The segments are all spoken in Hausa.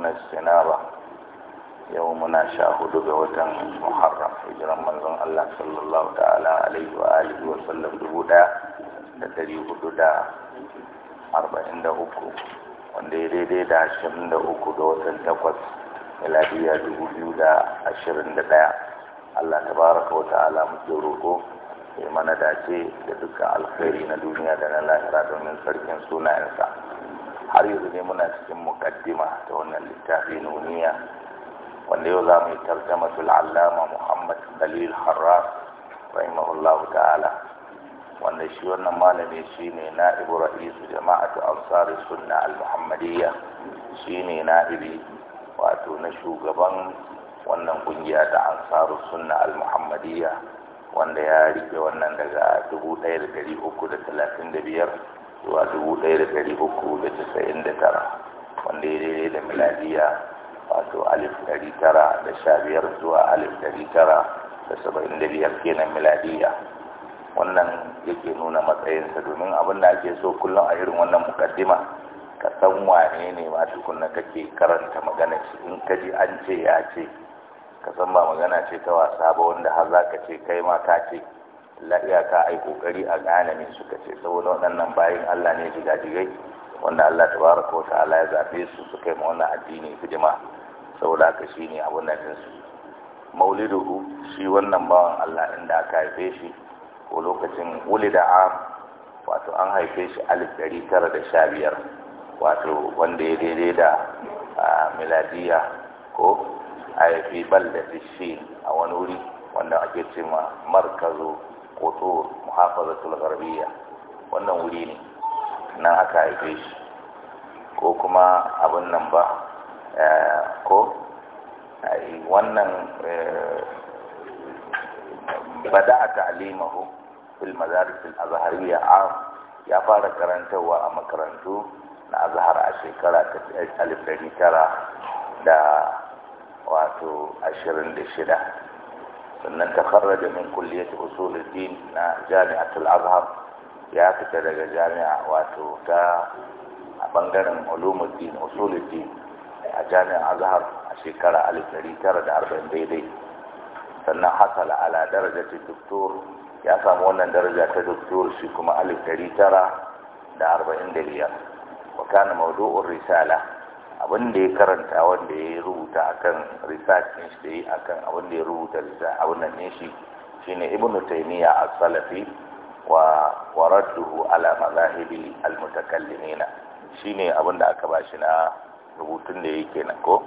يتقون السنابة يومنا شاهد بوتا محرم هجرا منزل الله صلى الله تعالى عليه وآله وسلم hudu da arba'in da uku wanda ya daidai da ashirin da uku da watan takwas miladiya dubu biyu da ashirin da ɗaya allah ta wata wa ta'ala muke roƙo sai mana dace da dukkan alkhairi na duniya da na lahira domin sarkin sunayensa har yanzu ne muna cikin mukaddima ta wannan littafi nuniya wanda yau za mu yi tarjamatul allama muhammad dalil harrar rahimahullahu ta'ala wanda shi wannan malami shi ne na'ibu ra'isu jama'atu ansari sunna al-muhammadiyya shi ne na'ibi wato na shugaban wannan kungiya ta Ansari sunna al-muhammadiyya wanda ya rike wannan daga 1335 zuwa dubu ɗaya da ɗari uku da casa'in da tara wanda ya daidai da miladiya wato alif ɗari tara da sha biyar zuwa alif ɗari tara da saba'in da biyar kenan miladiya wannan yake nuna matsayinsa domin abin da ake so kullum a irin wannan mukaddima ka san wane ne ma tukunna kake karanta magana shi in ka ji an ce ya ce ka san ba magana ce ta wasa ba wanda har za ka ce kai ma ka ce la iyaka ai kokari a gane suka ce saboda waɗannan bayin Allah ne jigajigai wanda Allah tabaraka wa ta'ala ya zabe su su kai wannan addini hidima saboda haka shine abun nan din su mauliduhu shi wannan bawan Allah inda aka haife shi ko lokacin wulida a wato an haife shi alif ɗari tara da sha biyar wato wanda ya daidai da miladiya ko a haifi bal da shi a wani wuri wanda ake ce ma markazo wato muhafazatul garbiya wannan wuri ne nan aka haife shi ko kuma abin nan ba eh, ko wannan eh, bada a ta'alimahu fil mazarisul azhariya a ya fara karantarwa a makarantu na azhar a shekara ta tara da wato ashirin da shida sannan takarraja min kulliyat usuluddin na jami'atul azhar ya fita daga jami'a wato ta a bangaren ulumuddin usuluddin a jami'ar azhar a shekara 1940 daidai sannan hasala ala darajatul doktor ya samu wannan daraja ta doktor shi kuma 1945 wa kana mawdu'ur risala abin da ya karanta wanda ya rubuta akan research din shi da yi akan abin da ya rubuta research abin nan ne shi shine ibn taymiya as-salafi wa wa ala mazahibi al-mutakallimina shine abin da aka bashi na rubutun da ya ke ko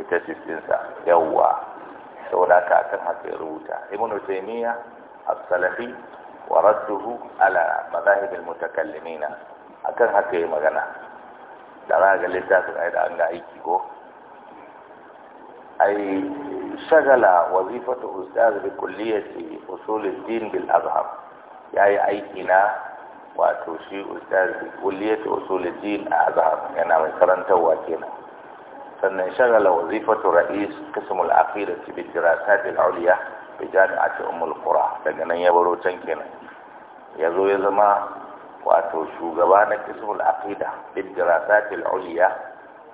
ita sistinsa sa yawwa saboda ka akan haka ya rubuta ibn taymiya a salafi wa radduhu ala mazahibi al-mutakallimina akan haka ya magana da za ga littafin ai da an ga aiki ko ai shagala wazifatu ustaz bi kulliyati usul ad-din bil azhar yayi aiki na wato shi ustaz bi kulliyati usul ad-din a azhar yana mai karantarwa kenan sannan shagala wazifatu ra'is qism al-akhirati bi dirasat al-ulya bi jami'ati umm al-qura daga nan ya baro can kenan yazo ya zama wato shugaba na kismul aqida bin dirasatil uliya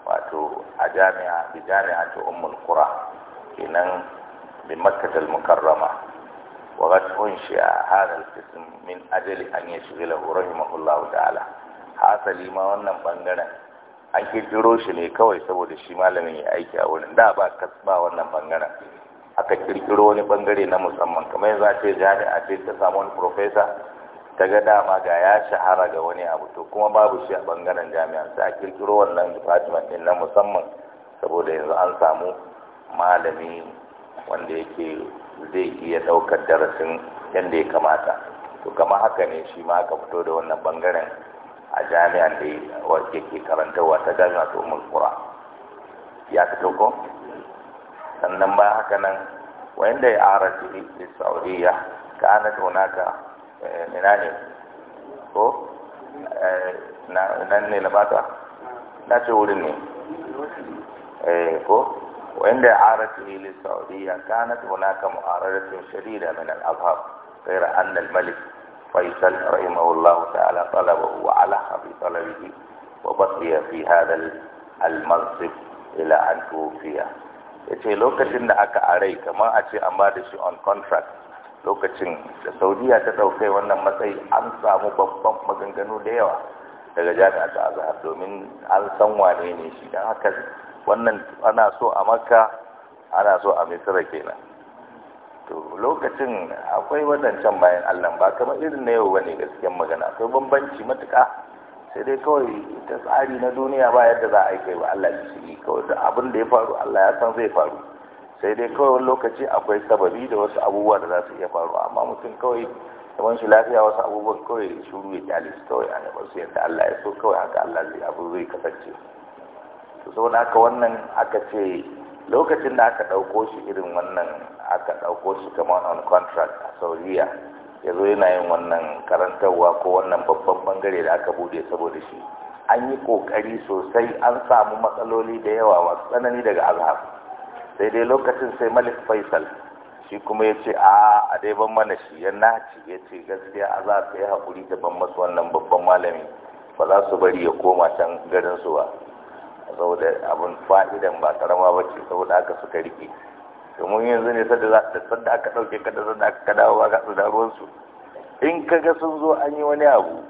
wato a jami'a bi ta ummul qura kenan bi makkah al mukarrama wa qad a a al qism min ajli an yashghalahu rahimahullahu ta'ala hasali ma wannan bangaren an kirkiro shi ne kawai saboda shi malamin ya aiki a wurin da ba kasba wannan bangaren aka kirkiro wani bangare na musamman kamar yanzu a ce jami'a ce ta samu wani profesa ta ga dama ga ya shahara ga wani abu to kuma babu shi a bangaren jami'a sai a kirkiro wannan department din na musamman saboda yanzu an samu malami wanda yake zai iya daukar darasin yadda ya kamata to kama haka ne shi ma aka fito da wannan bangaren a jami'an da yake karantarwa ta jami'a ta umar kura ya fito ko sannan ba haka nan wanda ya arashi da saudiya kanat hunaka ni ko ne na ce wurin ne ko wanda arati lili saudiya kanat hunaka mu'aradatin shadida min al-abhab غير أن الملك فيصل رحمه الله تعالى طلبه وعلق في طلبه وبقي في هذا المنصب إلى أن توفيه يقول لك أنك أريك ما أتي أمادش on contract lokacin da saudiya ta ɗaukai wannan matsayi an samu babban maganganu da yawa daga jami'a ta azhar domin an san wane ne shi don haka wannan ana so a makka ana so a misira kenan to lokacin akwai wadancan bayan allah ba kamar irin na yau ba ne gaskiyan magana akwai bambanci matuƙa sai dai kawai ta tsari na duniya ba yadda za a yi kai ba allah shi kawai da abin da ya faru allah ya san zai faru sai dai kawai wani lokaci akwai sababi da wasu abubuwa da za su iya faru amma mutum kawai zaman shi lafiya wasu abubuwan kawai shuru ya kyale su kawai an yaba su yadda Allah ya so kawai haka Allah zai abu zai kasance to saboda haka wannan aka ce lokacin da aka ɗauko shi irin wannan aka ɗauko shi kamar on contract a Saudiya ya zo yana yin wannan karantarwa ko wannan babban bangare da aka bude saboda shi an yi kokari sosai an samu matsaloli da yawa masu tsanani daga azhar sai dai lokacin sai malik faisal shi kuma ya ce a a dai ban mana shi ya naci ya ce gaskiya a za ka yi haƙuri da ban masu wannan babban malami ba za su bari ya koma can garin su ba saboda abin fa'idan ba karama ba ce saboda aka suka rike domin yanzu ne sadda aka ɗauke ka da sadda aka dawo ba ka su da ruwansu in ka ga sun zo an yi wani abu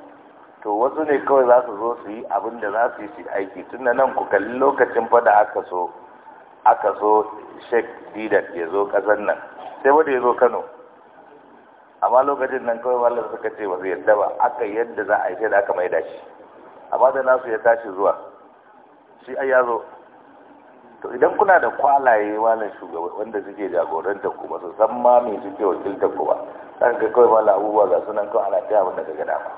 to wasu ne kawai za su zo su yi abin da za su yi su aiki tun da nan ku kalli lokacin fada aka so aka zo shek didan ya zo ƙasar nan sai wanda ya zo kano amma lokacin nan kawai wallar suka ce ba zai yadda ba aka yadda za a yi da aka maida shi amma da nasu ya tashi zuwa shi ai ya zo to idan kuna da kwalaye wallar shugaba wanda suke jagorantar ku ba su san ma me suke wakiltar ku ba kan ga kawai wallar abubuwa ga sunan kawai ana taya wanda daga dama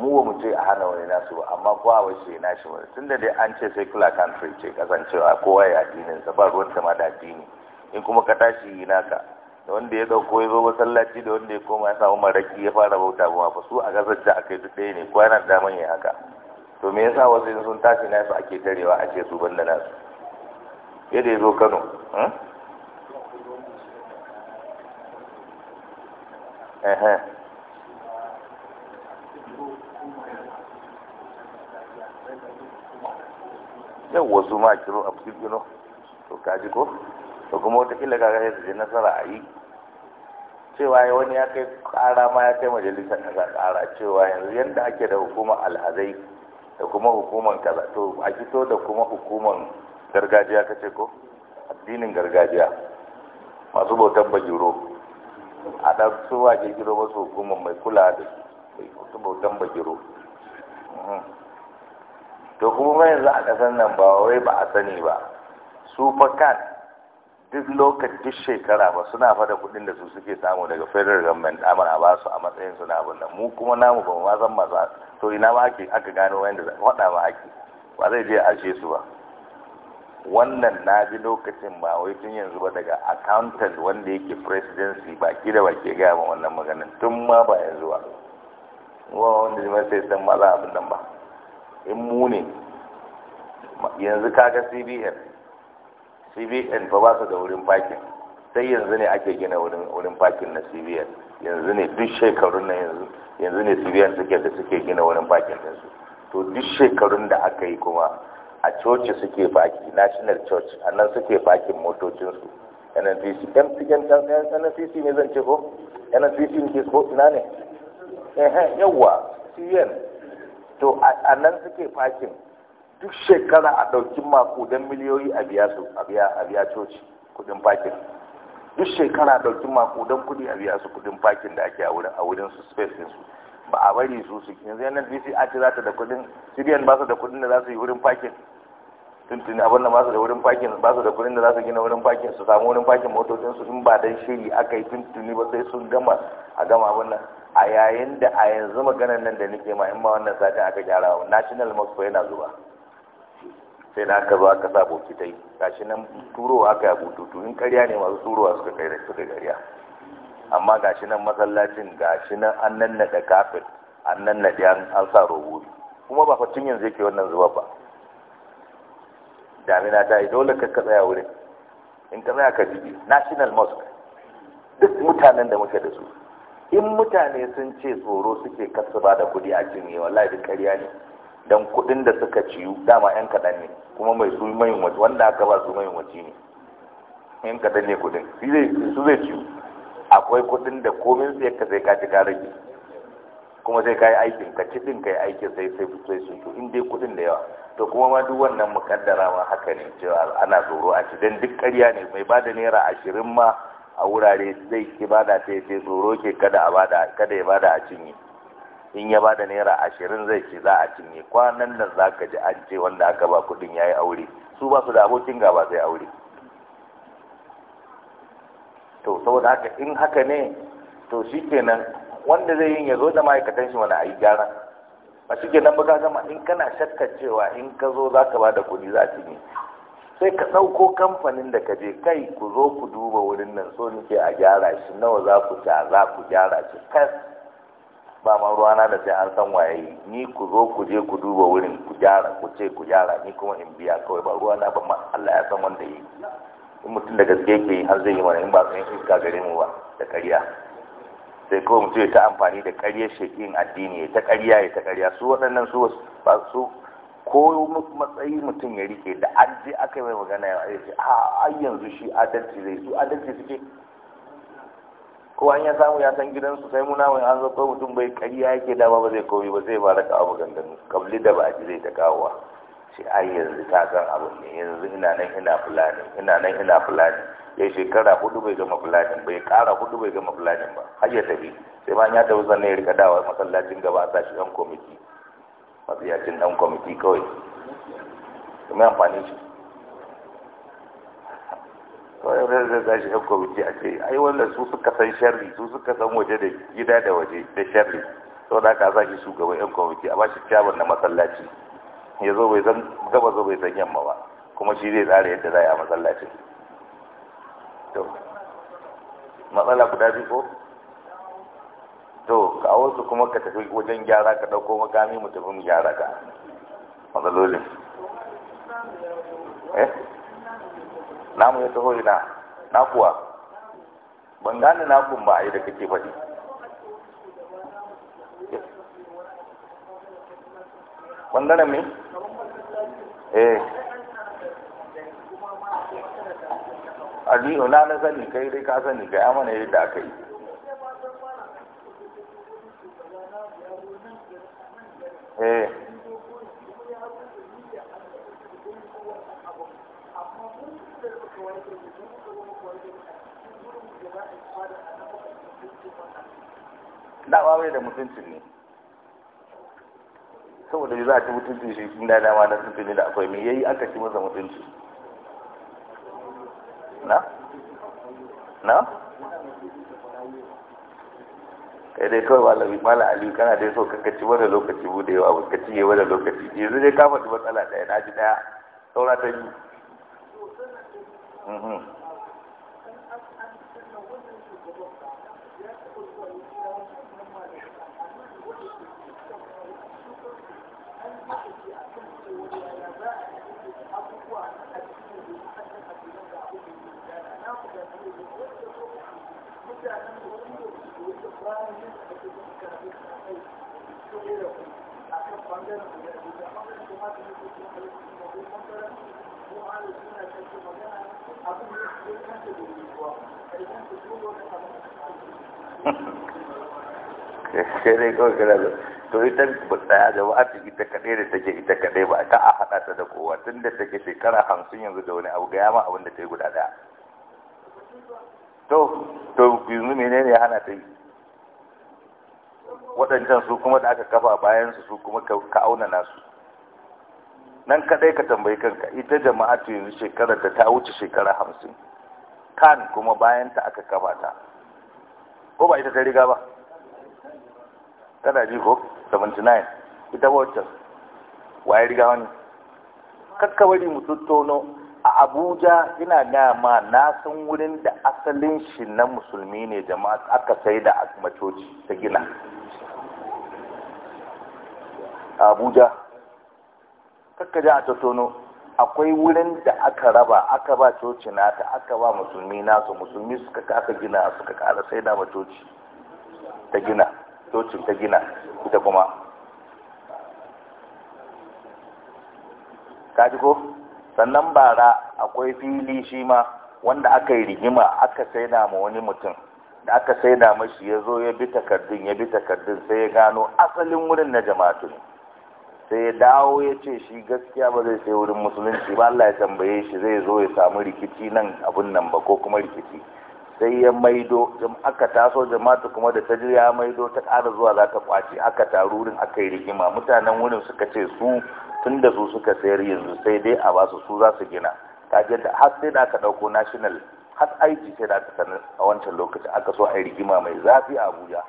mu ba mu ce a hana wani nasu ba amma kowa wai ce na shi wani tunda dai an ce secular country ce kasancewa kowa ya addinin sa ba ruwan sama da addini in kuma ka tashi yi naka da wanda ya dauko ya zo masallaci da wanda ya koma ya samu maraki ya fara bauta ba fa su a gasar da akai duk ɗaya ne kowa yana da daman ya haka to me yasa wasu sun tashi nasu ake tarewa a ce su da nasu da ya zo Kano eh yau wasu ma kiro a kirkiro to kaji ko to kuma wata kaga sai su je nasara a yi cewa ya wani ya kai kara ma ya kai majalisar kaza kara cewa yanzu yadda ake da hukuma alhazai da kuma hukuman kaza to a fito da kuma hukuman gargajiya ka ce ko addinin gargajiya masu bautan bajiro a ɗan wa ke giro masu hukuman mai kula da mai bautan bajiro mhm. to kuma yanzu a ƙasar nan ba wai ba a sani ba su fa kan duk lokacin duk shekara ba suna fada kuɗin da su suke samu daga federal government amana ba su a matsayin suna abin nan mu kuma namu ba ma san masu to ina ma ake aka gano wanda faɗa ma ake ba zai je a su ba wannan na ji lokacin ba wai tun yanzu ba daga accountant wanda yake presidency ba ki da baki gaya ma wannan maganin tun ma ba yanzu ba wanda zai sai san ma za abin nan ba in mu ne yanzu kaga cbn cbn fa ba su da wurin fakin sai yanzu ne ake gina wurin fakin na cbn yanzu ne duk shekarun na yanzu yanzu ne cbn suke da suke gina wurin fakin ɗinsu to duk shekarun da aka yi kuma a coci suke faki national church a nan suke fakin motocinsu nnpc nnpc ne zan ce ko nnpc ne ke ko ina ne yawwa cbn to a nan suke fakin duk shekara a ɗauki makudan miliyoyi a biya su a biya coci kudin fakin duk shekara a ɗauki makudan kudi a biya su kudin fakin da ake a wurin su space su ba a bari su su yanzu yanar dc a ce za ta da kudin syrian ba su da kudin da za su yi wurin fakin tuntuni abin da ba su da wurin fakin ba su da kudin da za su gina wurin fakin su samu wurin fakin motocin su in ba dan shiri aka yi tuntuni ba sai sun gama a gama abin nan a yayin da a yanzu maganar nan da nake ma in ma wannan satin aka gyara wa national mosque yana zuwa sai na aka zo aka sa bokitai gashi nan turowa aka yi bututu in karya ne masu turowa suka kai da suka karya amma gashi nan masallacin gashi nan an da kafin an nannaɗe an sa robobi kuma ba fatin yanzu yake wannan zuwa ba damina ta yi dole ka tsaya wurin in ka tsaya ka jiki national mosque duk mutanen da muke da su in mutane sun ce tsoro suke kasu ba da kuɗi a cinye wallahi duk ƙarya ne don kuɗin da suka ciyu dama yan kaɗan ne kuma mai su mai wace wanda aka ba su mai wace ne yan kaɗan ne kuɗin su zai ciyu akwai kuɗin da komin su ka sai ka ci ka kuma sai ka yi aikin ka ci ɗin ka yi aikin sai sai sai su to in dai kuɗin da yawa to kuma ma duk wannan mukaddara ma haka ne cewa ana tsoro a ci don duk ƙarya ne mai ba da naira ashirin ma a wurare zai ki bada ta ce tsoro ke kada a bada kada ya bada a cinye in ya bada naira ashirin zai ce za a cinye kwanan nan za ka ji an ce wanda aka ba kudin ya yi aure su ba su da abokin gaba sai aure to saboda haka in haka ne to shi kenan wanda zai yin ya zo da ma'aikatan shi wani a yi gyara Ba shi kenan ba ka gama in kana shakka cewa in ka zo za ka ba da kuɗi za a cinye sai ka ɗauko kamfanin da ka je kai ku zo ku duba wurin nan so nike a gyara shi nawa za ku ta za ku gyara shi kas ba ma ruwana da sai an san waye ni ku zo ku je ku duba wurin ku gyara ku ce ku gyara ni kuma in biya kawai ba ruwana ba ma Allah ya san wanda yi in mutum da gaske yake yi har zai yi mana in ba san iska gare mu ba da ƙarya sai kawai mutum ya ta amfani da ƙaryar shekin addini ya ta ƙarya ya ta ƙarya su waɗannan su ba su ko matsayi mutum ya rike da an je aka yi mai magana ya ce a yanzu shi adalci zai su adalci suke ko an ya samu ya san gidansu sai muna mai an zo mutum bai kariya yake dama ba zai kawai ba zai fara kawo maganganu kabli da ba ji zai ta kawowa shi ai yanzu ta san abu ne yanzu ina nan ina fulani ina nan ina fulani ya shekara hudu bai gama fulani bai kara hudu bai gama fulani ba har ya tafi sai ma ya tafi sannan ya rika dawa masallacin gaba a tashi yan kwamiti matsiyacin ɗan kwamiti kawai kuma amfani shi kawai wani zai za shi ɗan kwamiti a ce ai wanda su suka san sharri su suka san waje da gida da waje da sharri sau da aka zaki shugaban ɗan kwamiti a bashi shagon na masallaci ya zo bai zan gaba zo bai san yamma ba kuma shi zai tsara yadda za a yi a masallacin matsala guda biyu ko to ka su kuma ka tafi wajen gyara ka dauko makami mu tafi mu gyara ka matsalolin eh namu ya taho ina na kuwa ban gane na kun ba yi da kake faɗi gane me eh aliyu na na sani kai dai ka sani ga amana yadda aka yi Na eh. da'awa bai da mutuncin ne saboda za a ci mutuncin shi inda dama na sun fi da akwai mai yayi aka ci masa mutuncin, na na kai dai kawai malami mala aliyu kana dai so ka ci wani lokaci bude yawa ba ka ci wani lokaci yanzu dai ka faɗi matsala daya na ji daya saura ta yi. Mhm. sai dai kawai kana da to ita tsaya da wa'afi ita kaɗai da take ita kaɗai ba ta a haɗa ta da kowa tun da take shekara hamsin yanzu da wani abu ga yama abin da ta yi guda ɗaya to to yanzu menene ya hana ta yi waɗancan su kuma da aka kafa bayan su su kuma ka auna nasu nan kadai ka tambayi kanka ita ta yanzu shekarar da ta wuce shekara hamsin kan kuma bayan ta aka kafa ta ko ba ita ta riga ba tana ji ko 79 ita wacce waye riga wani kakkawari mu tattauno a abuja ina gaya ma na san wurin da asalin shi na musulmi ne jama'a aka sai da macoci ta gina abuja kakka ji a tattono akwai wurin da aka raba aka ba coci nata aka ba musulmi nasu musulmi suka kafa gina suka kara sai da coci ta gina cocin ta gina ita kuma kaji ko sannan bara akwai fili shi ma wanda aka yi rigima aka sai da ma wani mutum da aka sai da mashi ya zo ya bi takardun ya bi takardun sai ya gano asalin wurin na jama'atu sai ya dawo ya ce shi gaskiya ba zai sai wurin musulunci ba Allah ya tambaye shi zai zo ya samu rikici nan abun nan ba ko kuma rikici sai ya maido aka taso jama'atu kuma da ta ji ya maido ta ƙara zuwa za ta kwace aka taru wurin aka yi rigima mutanen wurin suka ce su tun da su suka sayar yanzu sai dai a basu su za su gina ta da har sai da aka ɗauko national har aiki sai da aka sanar a wancan lokacin aka so a yi rigima mai zafi a abuja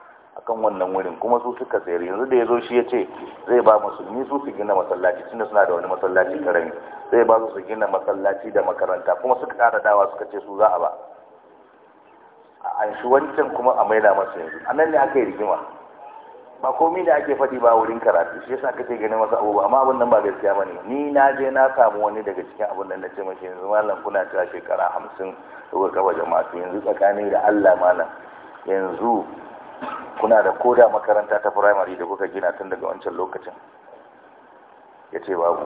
akan wannan wurin kuma su suka sayar yanzu da ya zo shi ya ce zai ba musulmi su su gina masallaci tunda suna da wani masallaci karami zai ba su su gina masallaci da makaranta kuma suka kara dawa suka ce su za a ba an shi wancan kuma a maida masu yanzu a nan ne aka yi rigima ba komi da ake faɗi ba wurin karatu shi yasa kake ganin wasu abubuwa amma abin nan ba gaskiya bane ni na je na samu wani daga cikin abin nan na ce mashi yanzu mallam kuna cewa shekara hamsin ko kaba jama'a yanzu tsakanin da Allah mallam yanzu kuna da koda makaranta ta firamare da kuka gina tun daga wancan lokacin ya ce babu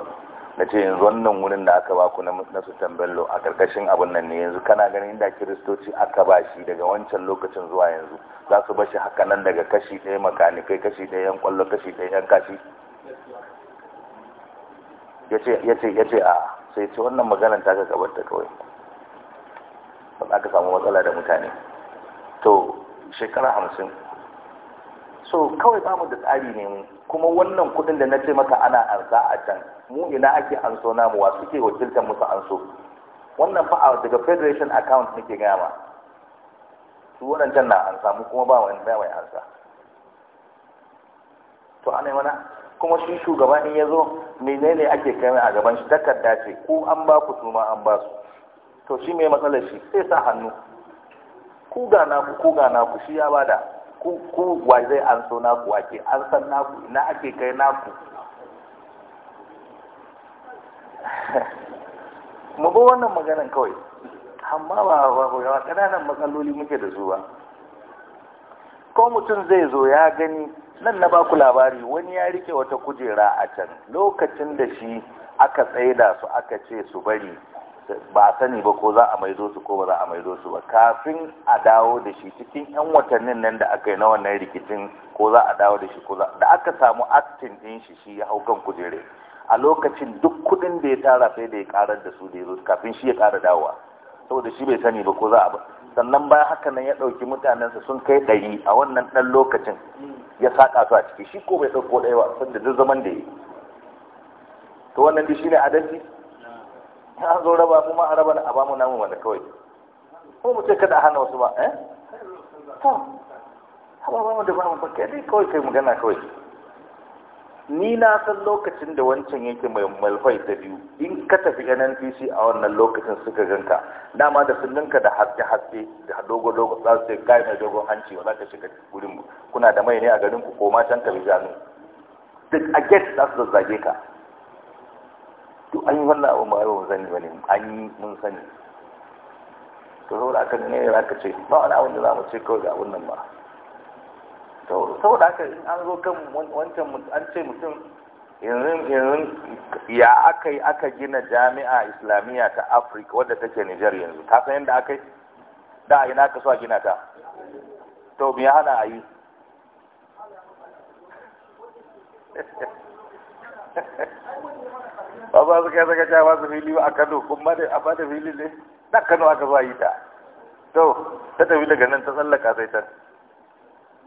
na ce yanzu wannan wurin da aka baku na sultan bello a ƙarƙashin abin nan ne yanzu kana ganin da kiristoci aka ba shi daga wancan lokacin zuwa yanzu za su bashi haka nan daga kashi ɗaya makanikai kashi ɗaya yan ƙwallo kashi ɗaya yan kashi ya ce a sai ce wannan maganar ta ka gabar kawai ba za ka samu matsala da mutane to shekara hamsin so kawai bamu da tsari ne mu kuma wannan kudin da na ce maka ana arza a can mu ina ake an so namu wa suke wakiltar musu an so wannan fa'a daga federation account nake gaya ma su can na an samu kuma ba wani mai ansa to ana mana kuma shi shugaba in ya zo menene ake kai a gaban shi takarda ce ko an ba ku su ma an ba su to shi mai matsalar shi sai sa hannu ku ga na ku ga ku shi ya bada ku ku wa zai an so naku ake an san naku ina ake kai naku mu bi wannan maganan kawai amma ba ba ƙananan matsaloli muke da su ba ko mutum zai zo ya gani nan na baku labari wani ya rike wata kujera a can lokacin da shi aka tsaida su aka ce su bari ba sani ba ko za a maido su ko ba za a maido su ba kafin a dawo da shi cikin yan watannin nan da aka yi na wannan rikicin ko za a dawo da shi ko za da aka samu aktin din shi shi ya hau kan kujere a lokacin duk kuɗin da ya tara sai da ya karar da su da ya zo kafin shi ya kara dawowa saboda shi bai sani ba ko za a ba sannan bayan haka nan ya ɗauki mutanensa sun kai ɗari a wannan ɗan lokacin ya saƙa su a ciki shi ko bai ɗauko ɗaya ba sanda duk zaman da ya yi to wannan shi ne adalci in an zo raba mu ma a raba a ba namu wanda kawai ko mu ce kada hana wasu ba eh to haba ba mu da ba mu bakke dai kawai kai magana kawai ni na san lokacin da wancan yake mai malfai ta biyu in ka tafi NNPC a wannan lokacin suka ganka dama da sun ganka da haske haske da dogo dogo za su kai mai dogon hanci ba za ka shiga gurin kuna da mai ne a garin ku ko ma can ka bi jami'u duk a get za su zazzage ka to an yi wannan abin ba yau sani ba ne an yi mun sani to saboda haka ne za ka ce ba wani abin da za mu ce kawai ga abin nan ba to saboda haka in an zo kan wancan an ce mutum yanzu yanzu ya aka yi aka gina jami'a islamiyya ta afirka wadda take nijar yanzu ka san yadda aka yi da a yi ka so a gina ta to me hana a yi ba ba su kai saka cewa su fili a Kano kuma da a bada fili ne na Kano aka zuwa yi ta to ta tafi daga nan ta tsallaka sai ta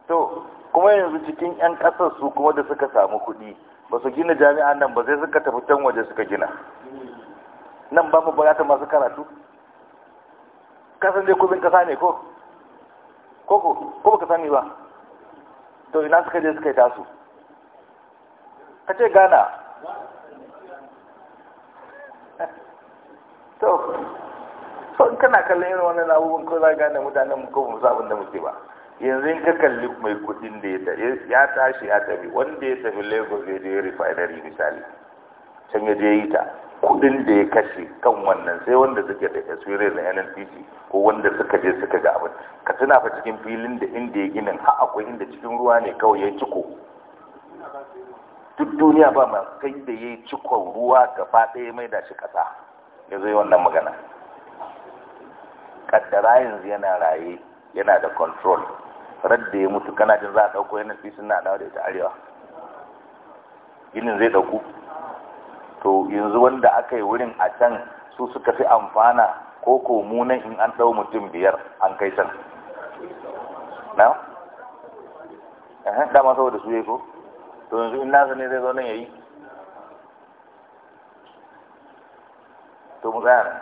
to kuma yanzu cikin yan kasar su kuma da suka samu kuɗi ba su gina jami'a nan ba sai suka tafi can waje suka gina nan ba mu bukata masu karatu kasan dai kudin kasa ne ko koko ko baka sani ba to ina suka je suka yi tasu ka ce gana to so kana kallon irin wannan abubuwan ko za gane mutanen mu ko mu sa abin da muke ba yanzu in ka kalli mai kudin da ya tashi ya tafi wanda ya tafi lagos ya je refinery misali can ya je yi ta kudin da ya kashe kan wannan sai wanda suke da experience na nnpc ko wanda suka je suka ga abin ka tuna fa cikin filin da inda ya ginin ha akwai inda cikin ruwa ne kawai ya ciko duk duniya ba ma kai da ya yi cikon ruwa gaba ɗaya mai da shi ƙasa ya zai wannan magana kaddara yanzu yana raye yana da control radda ya mutu kana jin za a ɗauko yana fi suna dawo da ita arewa ginin zai ɗauku to yanzu wanda aka yi wurin a can su suka fi amfana ko ko munan in an dau mutum biyar an kai can na? dama saboda su ya ko to yanzu in nasa ne zai zo nan ya yi to mu tsaya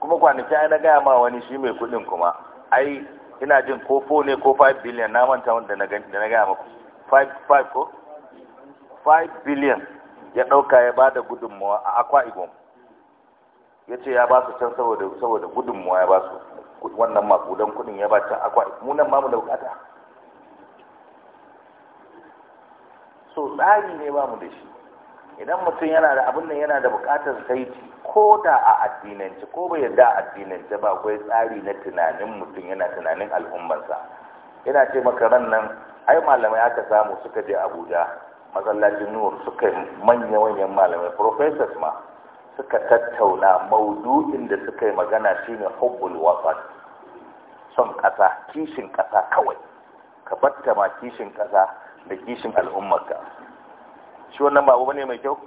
kuma kwanaki ai na gaya ma wani shi mai kudin kuma ai ina jin ko 4 ne ko 5 billion na manta wanda na gani da na gaya maku 5 ko 5 billion ya dauka ya bada gudunmuwa a akwa igom ya ce ya ba su can saboda gudunmuwa ya ba su wannan makudan kudin ya ba can akwa munan mamu da bukata so tsari ne ba mu da shi idan mutum yana da abin nan yana da bukatar saiti ko da a addinance ko bai yarda a addinance ba akwai tsari na tunanin mutum yana tunanin al'ummarsa yana ce maka nan ai malamai aka samu suka je abuja masallacin nur suka manya manyan malamai professors ma suka tattauna maudu'in da suka yi magana shine hubbul wasat son ƙasa kishin kasa kawai ka batta kishin kasa da kishin al'ummarka shi wannan ba abu bane mai kyau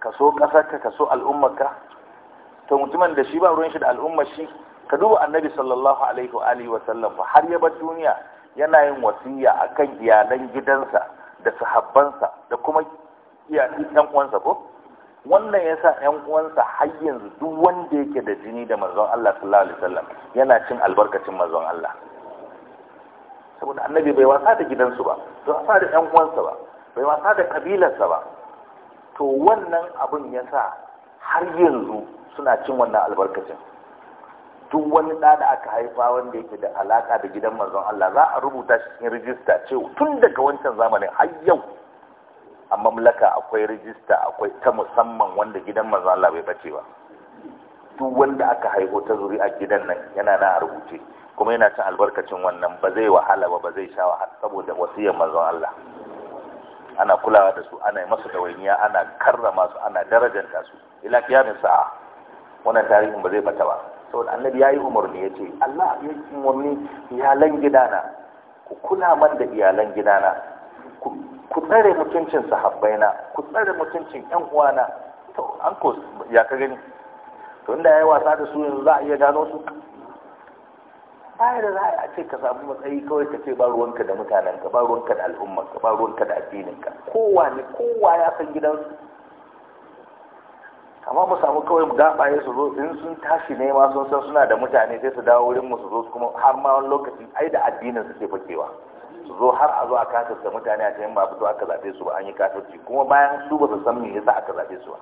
ka so ƙasarka ka so al'ummarka to mutumin da shi ba ruwan shi da al'ummar shi ka duba annabi sallallahu alaihi wa alihi wa sallam har ya bar duniya yana yin wasiya akan iyalan gidansa da sahabbansa da kuma iyalan ɗan uwansa ko wannan yasa ɗan uwansa har yanzu duk wanda yake da jini da manzon Allah sallallahu alaihi wasallam yana cin albarkacin manzon Allah saboda annabi bai wasa da gidansu ba bai wasa da ɗan uwansa ba bai wasa da kabilarsa ba to wannan abin ya sa har yanzu suna cin wannan albarkacin duk wani ɗa da aka haifa wanda yake da alaka da gidan manzon Allah za a rubuta shi cikin rijista ce tun daga wancan zamanin har yau a mamlaka akwai rijista akwai ta musamman wanda gidan manzon Allah bai bace ba duk wanda aka haifo ta zuri a gidan nan yana na a rubuce kuma yana cin albarkacin wannan ba zai wahala ba ba zai sha wahala saboda wasiyar manzon Allah ana kulawa da su ana masu dawainiya ana karrama su ana darajanta su ila kiyamin sa'a wannan tarihin ba zai bata ba saboda annabi yayi umarni yace Allah ya yi umarni iyalan gidana ku kula man da iyalan gidana ku tsare mutuncin sahabbaina ku tsare mutuncin yan uwana to an ko ya ka gani to inda yayi wasa da su yanzu za a iya gano su ai da za a ce ka samu matsayi kawai ka ce ba ruwanka da mutanenka ba ruwanka da ka, ba ruwanka da addininka kowa ne kowa ya san gidansu amma mu samu kawai gabaye su zo in sun tashi ne ma sun san suna da mutane sai su dawo wurin mu su zo kuma har ma wani lokaci ai da addinin su ke fakewa su zo har a zo a kasar da mutane a cikin ba fito aka zabe su ba an yi kafirci kuma bayan su ba su san me yasa aka zabe su ba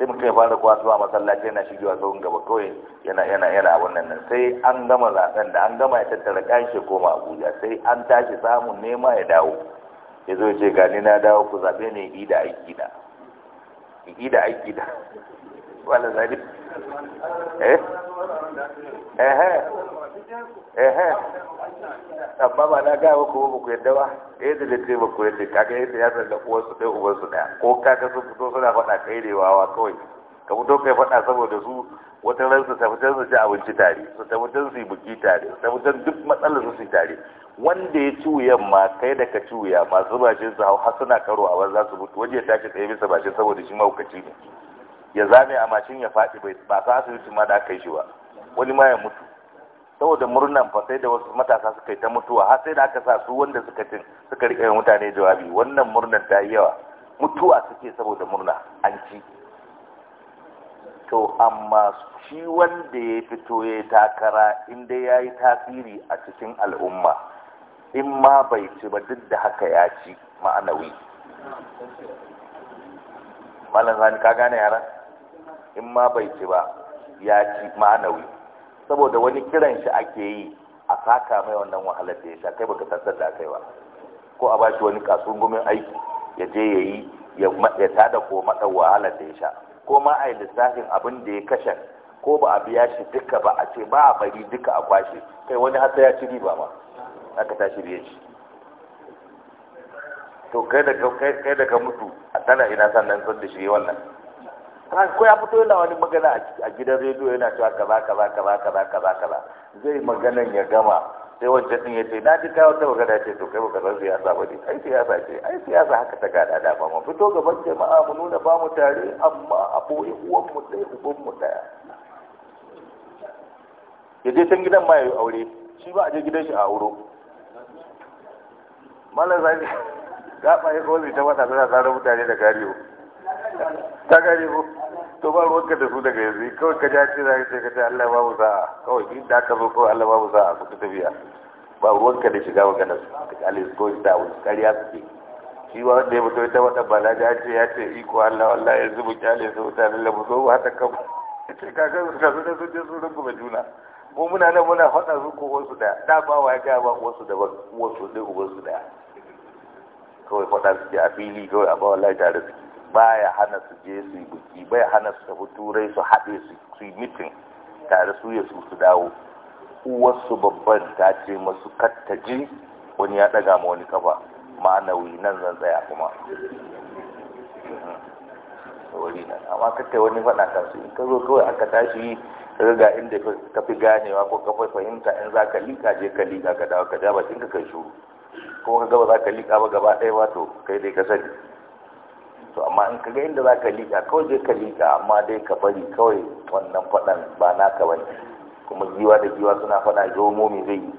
sai mutum ya fara kwaso a masallaci yana shigewa sauran gaba kawai yana yana yana wannan nan sai an gama zaben da an gama ya tattara kayan shi koma abuja sai an tashi samun nema ya dawo ya zo ya ce gani na dawo ku zaɓe ne yi da aiki da yi da aiki da wala zaɓe eh eh, eh. ehe amma ba na gawa kuma ba ku yadda ba eh da litre ba ku yadda kaga yadda ya zanga uwarsu ɗaya su ɗaya ko kaga sun fito suna faɗa kai ne wawa kawai ka fito kai faɗa saboda su wata ran su tafi su ci abinci tare su tafi can su yi buki tare su tafi can duk matsalar su su tare wanda ya ci wuyan ma kai da ka ci wuya masu bashin su hau har suna karo a banza su mutu waje ya tashi tsaye bisa bashin saboda shi mahaukaci ne ya zame a mashin ya faɗi bai ba su asibiti ma da aka yi shi ba wani ma ya mutu saboda murnan fa sai da wasu matasa suka yi ta mutuwa har sai da aka sa su wanda suka tin suka rike mutane jawabi wannan murnan ta yi yawa mutuwa suke saboda murna an ci to amma shi wanda ya fito ya yi takara inda ya yi tasiri a cikin al'umma in ma bai ci ba duk da haka ya ci ma'anawi malam zani ka gane yara in ma bai ci ba ya ci ma'anawi saboda wani kiran shi ake yi a saka mai wannan wahalar da ya sha kai baka tattar da kai ba ko a bashi wani gumin aiki ya je ya yi ya tada ko maɗan wahalar da ya sha ko ma a yi lissafin abin da ya kashe ko ba a biya shi duka ba a ce ba a bari duka a kwashe kai wani hasa ya ci riba ma aka tashi biye shi to kai da kai da ka mutu a tana ina sannan zan da shi wannan ko ya fito yana wani magana a gidan rediyo yana cewa kaza kaza kaza kaza kaza kaza zai maganan ya gama sai wancan din ya ce na ji kawo ta magana ce to kai baka san siyasa ba ne ai siyasa ce ai siyasa haka ta gada da ba mu fito gaban jama'a mu nuna ba mu tare amma a boye uwan mu ɗaya uban mu ɗaya ya je can gidan ma ya yi aure shi ba a je gidan shi a auro malam zai gaba ya kawai ta wata tana tsara mutane da gariyo ta gariyo to ba ruwanka da su daga yanzu kawai ka ja ce za ka ce ka ce Allah babu a kawai in da aka zo kawai Allah babu a ku tafiya ba ruwanka da shiga magana su ka kale su kawai da wani ƙarya suke shi wa wanda ya mutu ita wata bala ja ce ya ce iko Allah Allah ya zubu kyale su da lamu zo ba haka kan ce kakan su kasu da sun je sun rungume juna mu muna nan muna faɗa su ko wasu da da ba wa ga ba wasu da wasu da wasu da kawai faɗa suke a fili kawai a ba wa lai tare su baya hana su je su yi buki baya hana su tafi turai su haɗe su yi mitin tare su ya su su dawo uwarsu babban ta ce masu kattaji wani ya ɗaga ma wani kafa ma'anawi nan zan tsaya kuma wuri mhm. nan amma kake wani faɗa kan su in ka zo kawai aka tashi ga inda ka fi ganewa ko ka fahimta in za ka liƙa je ka liƙa ka dawo ka ja bakin ka kai shuru ko ka gaba za ka liƙa ba gaba ɗaya ba to kai dai ka sani to amma in kaga inda za ka liƙa kawai dai ka liƙa amma dai ka bari kawai wannan faɗan ba naka bane kuma giwa da giwa suna faɗa zomo mai zai yi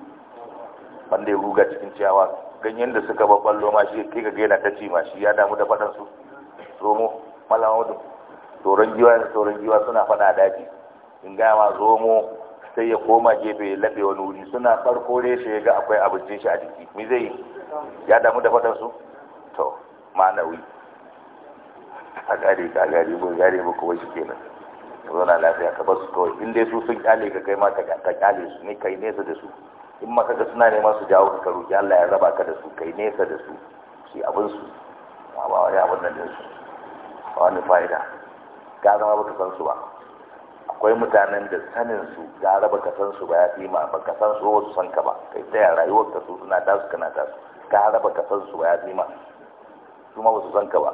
wanda ya ruga cikin ciyawa ganyen da suka babballo ma shi kai ka gaina ta ma shi ya damu da faɗan su zomo malamudin Toron giwa da toron giwa suna faɗa daji in gaya ma zomo sai ya koma gefe ya laɓe wani wuri suna farko reshe ya ga akwai abincin shi a jiki Mai zai yi ya damu da faɗan su to ma'anawi a kare ka gari mun gare muku wai kenan ka zauna lafiya ka bar su kawai in dai su sun kyale ka kai ma ka kyale su ne kai nesa da su in ma kaga suna neman su jawo ka roki Allah ya raba ka da su kai nesa da su shi abin su ba ba wani abin nan su ba wani fa'ida ka zama baka san su ba akwai mutanen da sanin su ga raba ka san su ba ya fi ma baka san su wasu san ka ba kai tsaya rayuwar ka su suna tasu kana tasu ka raba ka san su ba ya fi ma su ma ba su san ka ba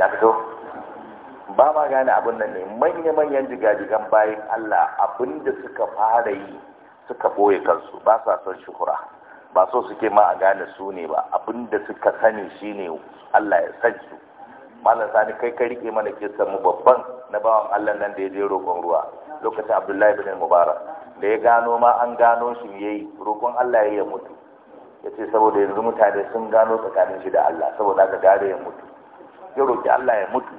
ya fito ba ma gane abin nan ne manya-manyan jigajigan bayan Allah abin da suka fara yi suka boye kansu ba sa son shukura. ba so suke ma a gane su ne ba abin da suka sani shi ne Allah ya san su malam sani kai ka rike mana kisan mu babban na bawan Allah nan da ya je roƙon ruwa lokacin Abdullahi bin Mubarak da ya gano ma an gano shi yayi roƙon Allah ya mutu yace saboda yanzu mutane sun gano tsakanin shi da Allah saboda ka gare ya mutu ya roƙi Allah ya mutu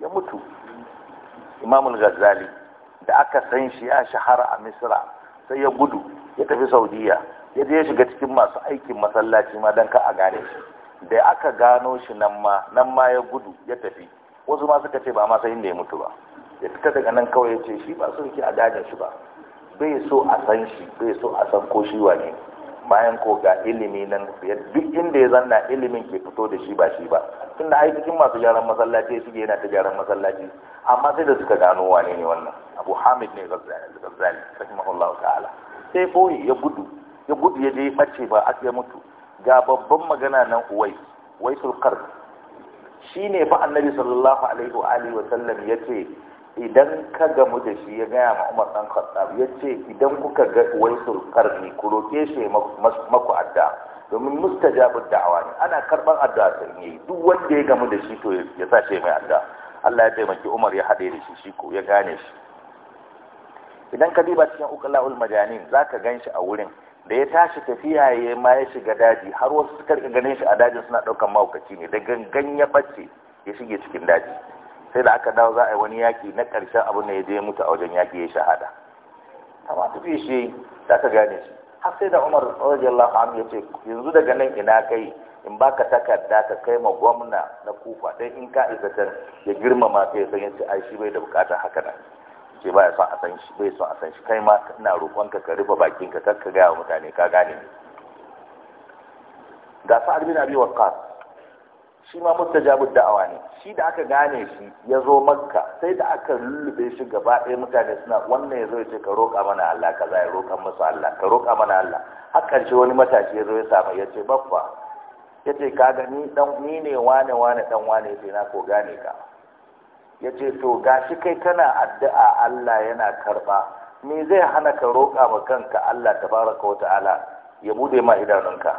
ya mutu imamul ghazali da aka san shi ya shahara a misra sai ya gudu ya tafi saudiya ya je ya shiga cikin masu aikin masallaci ma don ka a gane shi da aka gano shi nan ma nan ma ya gudu ya tafi wasu ma suka ce ba ma sai inda ya mutu ba ya fita daga nan kawai ya ce shi ba su rike a dajin shi ba bai so a san shi bai so a san ko shi wane ne bayan ko ga ilimi nan duk inda ya zanna ilimin ke fito da shi ba shi ba tunda ai cikin masu gyaran masallaci su ke yana ta gyaran masallaci amma sai da suka gano wane ne wannan abu hamid ne gazzali rahimahullahu ta'ala sai boye ya gudu ya gudu ya je bace ba a ya mutu ga babban magana nan uwai waisul qarn shine fa annabi sallallahu alaihi wa alihi wa sallam yace idan ka gamu da shi ya gaya ma Umar dan Khattab ya ce idan kuka ga waisul karni ku roke shi maku adda domin mustajabud da'awa ne ana karban addu'a sai yayi duk wanda ya gamu da shi to ya sa shi mai adda Allah ya taimaki Umar ya hade da shi shi ko ya gane shi idan ka diba cikin uqalaul majanin zaka ganshi a wurin da ya tashi tafiya ya ma ya shiga daji har wasu suka ganin shi a dajin suna daukan mahaukaci ne da gangan ya bace ya shige cikin daji sai da aka dawo za a yi wani yaƙi na ƙarshen abin da ya je mutu a wajen yaƙi ya shahada amma su fi shi da ka gane shi har sai da umar radiyallahu anhu ya ce yanzu daga nan ina kai in baka takarda ka kai ma gwamna na kufa dan in ka isa can ya girmama sai ya san yace ai shi bai da bukatar haka nan ce ba ya son a san shi bai son a san shi kai ma ina roƙon ka ka rufe bakin ka kar ka ga mutane ka gane ni ga sa'ad bin abi waqqas shi ma mustajabud da'awa ne shi da aka gane shi ya zo makka sai da aka lullube shi gaba ɗaya mutane suna wannan ya zo ya ce ka roƙa mana Allah ka ya roƙa musu Allah ka roƙa mana Allah Hakan ce wani matashi ya zo ya samu ya ce babba ya ce ka ga dan ni ne wane wane dan wane sai na ko gane ka ya ce to gashi kai kana addu'a Allah yana karɓa me zai hana ka roƙa ma kanka Allah tabaraka wa ta'ala ya bude ma idanunka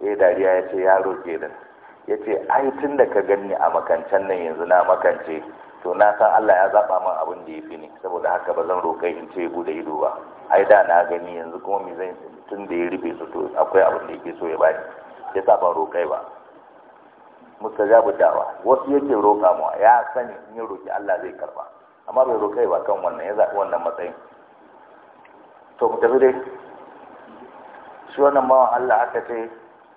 eh dariya ya ce ya roƙe ni ya ce ai tun da ka gani a makancan nan yanzu na makance to na san Allah ya zaɓa min abin da ya fi ni, saboda haka ba zan roƙa in ce bude ido ba ai da na gani yanzu kuma me zan tun da ya rufe su to akwai abin da yake so ya bani ya sa ban roƙai ba mustajabu da'wa wasu yake roƙa mu ya sani in ya roƙi Allah zai karba amma bai roƙai ba kan wannan ya zaɓi wannan matsayin to mu tafi dai shi wannan bawan Allah aka ce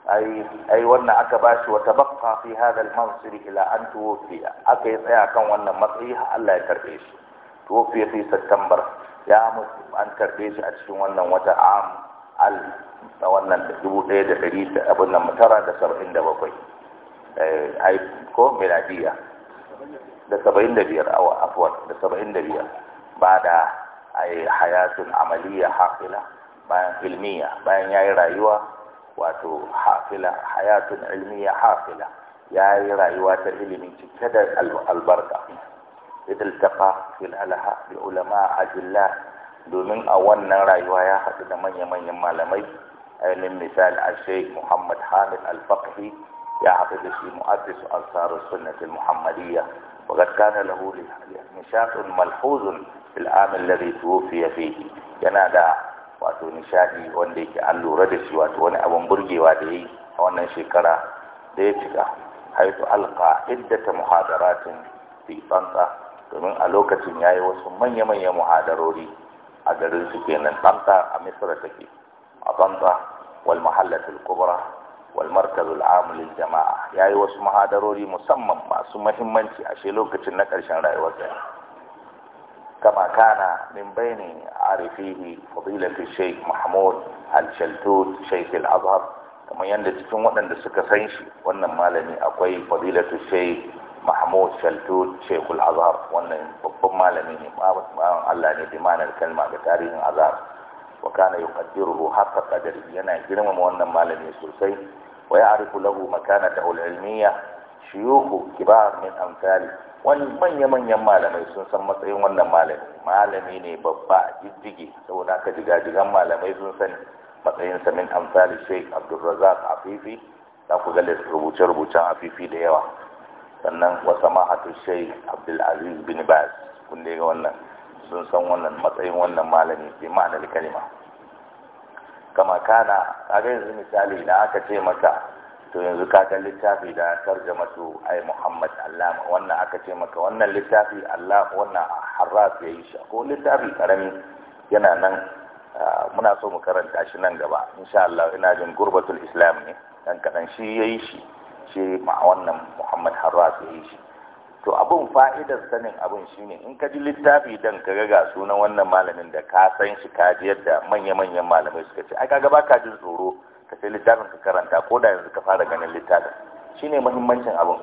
ai wannan aka bashi wata bakka fi hada al-mansur ila an tuwfiya aka yi tsaya kan wannan matsayi Allah ya karbe shi tuwfiya fi September ya mutu an karbe shi a cikin wannan wata am al da wannan 1100 abin nan mutara da 77 eh ai ko miladiya da 75 awa afwan da 75 ba da ai hayatun amaliya haqila bayan ilmiya bayan yayi rayuwa wato hafila hayatun ilmiya hafila ya yi rayuwa ta ilimin cike da albarka idil taqa fil alaha bi ulama ajilla domin a wannan rayuwa ya haɗu da manya-manyan malamai ainihin misal a muhammad hamid al-faqhi ya haɗu da shi mu'addisu ansarar sunnatul muhammadiyya وقد كان له نشاط ملحوظ في العام الذي توفي فيه da wato nishadi wanda yake an lura da shi wato wani abin burgewa da yi a wannan shekara da ya cika haitu alqa iddata muhadaratin fi tsantsa domin a lokacin ya yi wasu manya manya muhadarori a garin su kenan tsantsa a misira take a tsantsa wal mahallatul kubra wal markazul amulin Jama'a ya yi wasu muhadarori musamman masu muhimmanci a shi lokacin na ƙarshen rayuwarsa كما كان من بين عارفيه فضيلة الشيخ محمود الشلتوت شيخ الأزهر كما يندس في وطن دسك سنشي وانا مالني أقوي فضيلة الشيخ محمود شلتوت شيخ الأزهر وانا ببب مالني ما الله ني بمعنى الكلمة بتاريخ الأزهر وكان يقدره حق قدره ينا جرم وانا مالني سوسي ويعرف له مكانته العلمية شيوخ كبار من أمثاله wani manya-manyan malamai sun san matsayin wannan malami malami ne babba a jijjige saboda aka jigajigan malamai sun sani matsayin samin amsali sheik abdulrazak afifi za ku ga rubuce-rubucen afifi da yawa sannan wasa mahatu sheik abdulaziz bin baz kun da wannan sun san wannan matsayin wannan malami bi ma'anar kalima kama kana kaga yanzu misali na aka ce maka to yanzu kaga littafi da tarjamatu ai Muhammad Allama wannan aka ce maka wannan littafi Allah wannan Harraf ya yi shi ko littafi karami yana nan muna so mu karanta shi nan gaba insha Allah ina jin gurbatul Islam ne dan kadan shi yayi shi shi ma wannan Muhammad Harraf ya yi shi to abun fa'idar sanin abun shine in ka ji littafi dan ka ga ga sunan wannan malamin da ka san shi ka ji yadda manya-manyan malamai suka ce ai kaga baka jin tsoro ka sai littafin ka karanta ko da yanzu ka fara ganin littafin shine muhimmancin abin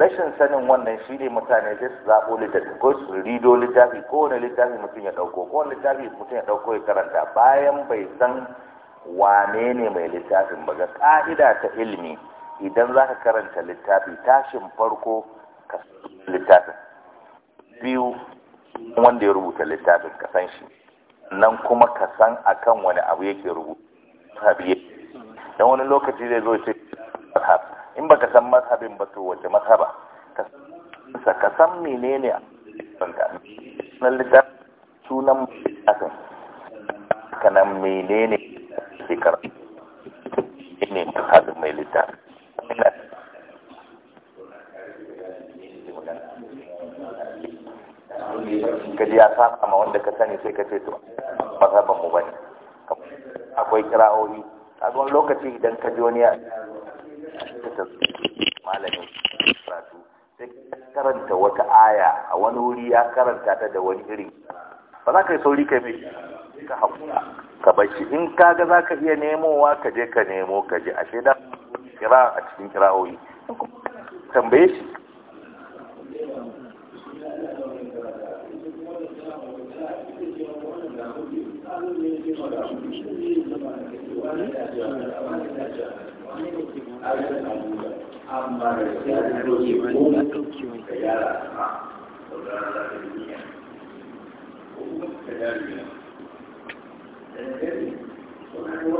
rashin sanin wannan shi ne mutane sai su zaɓo littafi ko su rido littafi ko wani littafi mutum ya ɗauko ko wani littafi mutum ya ɗauko ya karanta bayan bai san wane ne mai littafin ba ga ƙa'ida ta ilimi idan za ka karanta littafi tashin farko ka littafin biyu wanda ya rubuta littafin ka san shi nan kuma ka san akan wani abu yake rubuta dan wani lokaci zai zo ce mazhab in baka san mazhabin ba to wace mazhaba ka san menene sunka sunan littaf sunan asin kanan menene ke kar ne mazhabin mai Ka kaji ya sa amma wanda ka sani sai ka ce to mazhaban mu bane akwai kira'o'i kagon lokaci idan ka ji wani ya malamin karatu sai ka karanta wata aya a wani wuri ya karanta ta da wani irin ba za ka yi sauri ka mai ka haƙura ka bashi in ka ga za ka iya nemowa ka je ka nemo ka je a da kira a cikin kira'o'i tambaye shi Thank you. amma da ya da roƙe mun ka yara sama sauraron da duniya ko kuma ka dariya yi da yanzu ta ce da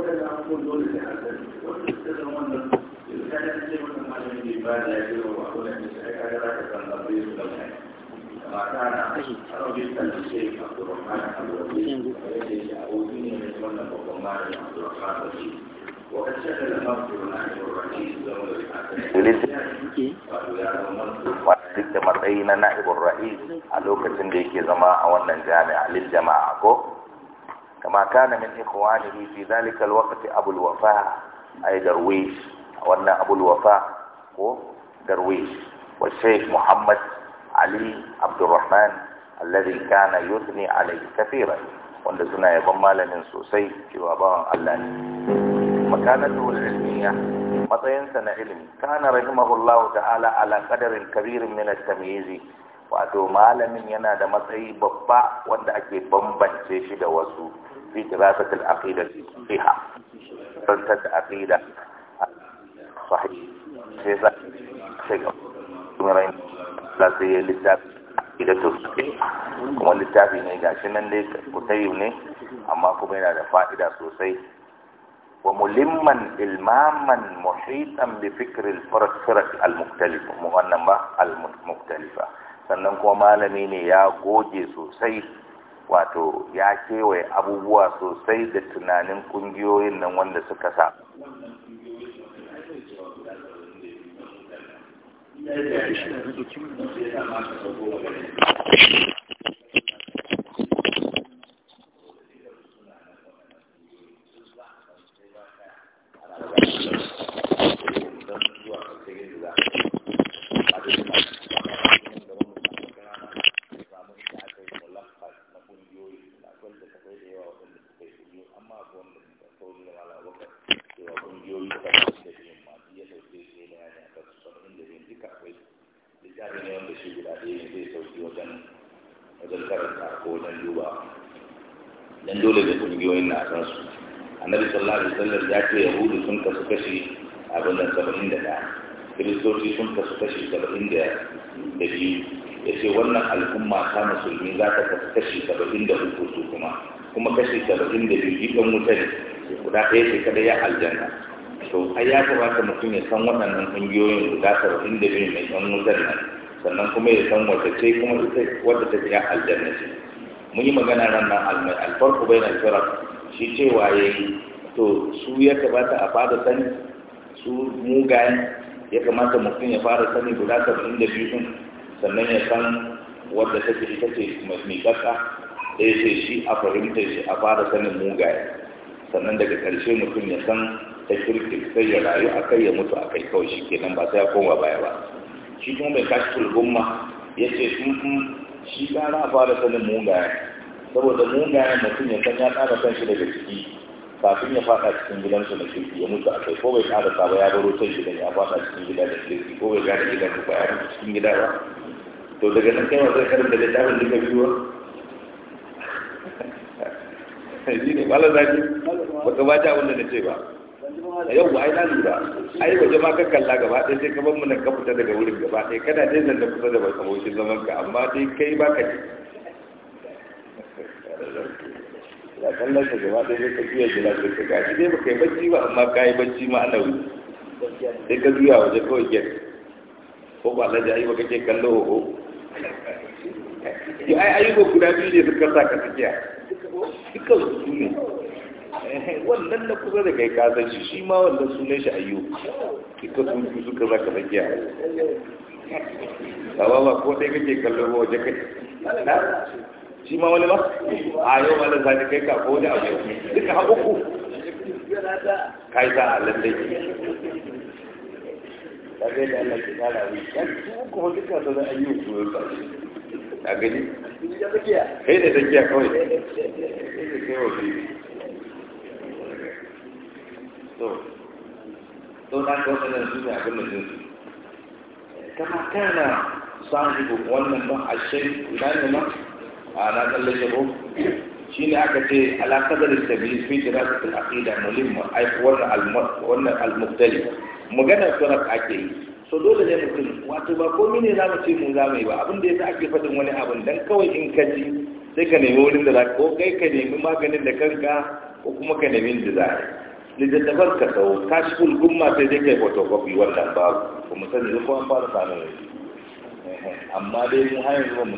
ba da ya da da وقد شكل المرض العين الرئيس دولة الحسنين duk da matsayi na na'ibin ra'i a lokacin da yake zama a wannan jami'a lil jama'a ko kama kana min ikhwanihi fi zalika alwaqti abul wafa ay darwish wannan abul wafa ko darwish wa sheikh muhammad ali abdurrahman alladhi kana yusni alayhi kaseeran wanda suna yaban malamin sosai cewa bawan Allah ne makanatu ilmiya matsayinsa na ilimi kana rahimahullahu ta'ala ala qadarin kabirin min at-tamyiz wato malamin yana da matsayi babba wanda ake bambance shi da wasu fi dirasatil aqida fiha tantar da aqida sahih sai sai ga Allah sai ya littafi idan to kuma littafi ne gashi nan dai kutayu ne amma kuma yana da fa'ida sosai wa mulimman ilmaman muhitan bi fikr al farq al mukhtalif muhannan ba al mukhtalifa sannan kuma malami ne ya goge sosai wato ya kewaye abubuwa sosai da tunanin kungiyoyin nan wanda suka sa Thank you. yadda ne wanda shi guda ɗaya ne zai sauki wajen wajen karanta ko wajen duba dan dole da kungiyoyin na san su annabi sallallahu alaihi wasallam ya ce yahudu sun kasu kashi abin da saba'in da ɗaya kiristoci sun kasu kashi saba'in da biyu ya ce wannan al'umma ta musulmi za ta kasu kashi saba'in da uku su kuma kuma kashi saba'in da biyu ɗan wuta ne guda ɗaya ce kada ya aljanna to ai ya kamata mutum ya san waɗannan ƙungiyoyin guda saba'in da biyu mai ɗan wutar nan sannan kuma ya san wata ce kuma ita wadda ta biya aljanna ce mun yi magana ran nan ku bai na firar shi ce waye to su ya kamata a fara sani su mugaye ya kamata mutum ya fara sani guda sabbin da biyu sannan ya san wadda ce ita ce mai ƙasa da ya ce shi a fahimta shi a fara sanin mugaye sannan daga ƙarshe mutum ya san ta kirkir sai ya rayu a kai ya mutu a kai kawai shi kenan ba sai ya koma baya ba shi kuma mai kashful gumma ya ce mm, mm, shi ƙara a fara sanin mugaye saboda mugaye mutum ya san ya ƙara san shi daga ciki kafin ya fada cikin gidansu na kirki ya mutu a kai ko bai ƙara sa ba ya baro can gidan ya fada cikin gida da kirki ko bai ƙara gidan ba ya mutu cikin gida ba to daga nan kai zai karanta littafin duka biyu shi ne malar ba baka ba ta abin da na ce ba yau ba ai na lura ai waje ma ka kalla gaba ɗaya sai kamar bar mu nan ka fita daga wurin gaba ɗaya kana dai zan da kusa da bai kamoshin zaman ka amma dai kai ba ka ji ya kallon ka gaba ɗaya ka juya jira sai ka gashi dai ba kai bacci ba amma ka yi bacci ma ana wuri sai ka juya waje kawai get ko ba alhaji ai ba kake kallo ho ai ayyuka guda biyu ne suka sa ka tsakiya dukkan su ne Eh, wannan na kusa da kai ka shi shi ma wannan sunan shi ayyu kika sun ji suka zaka zakiya sawa ba ko dai kake kallon ba waje kai shi ma wani ba a yau ma da zaki kai ka ko da abu duka hakuku kai sa a lalle kaje da Allah ke fara yi yan tuku kuma duka da ayyuka ko ba a gani kai da tafiya kawai to to ma a na tsalle shabo shi ne aka ce ala kadarin tabi'in fi dirasatul aqida mulimma wannan al ake so dole ne mutum wato ba komai ne za mu ce mun za mu yi ba abin da ake faɗin wani abin dan kawai in ka ji sai ka nemi wurin da za ka nemi maganin da kanka ko kuma ka nemi da za tabar ka sau ka shi gumma sai dai kai photocopy wannan babu ba mu sani ko an fara samun yanzu amma dai mu har yanzu mu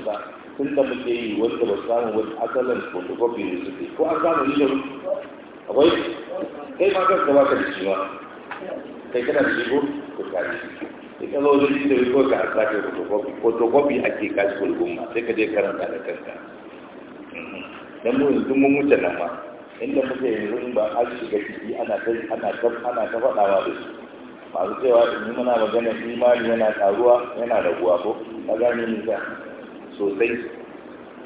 tun da muke yi wanda ba samu wani asalin photocopy ne su ko an samu yin akwai kai ma kanka ba ka da shi ma kai kana da shi ko ka shi sai ka zo wajen shi da ko ka asa ka photocopy photocopy ake ka shi gumma sai ka je karanta da kanka dan mu yanzu mun wuce nan ma inda muke yanzu in ba an shiga ciki ana ta ana ta ana ta faɗawa da su masu cewa ni muna magana imani yana ƙaruwa yana raguwa ko ka gane ni ta sosai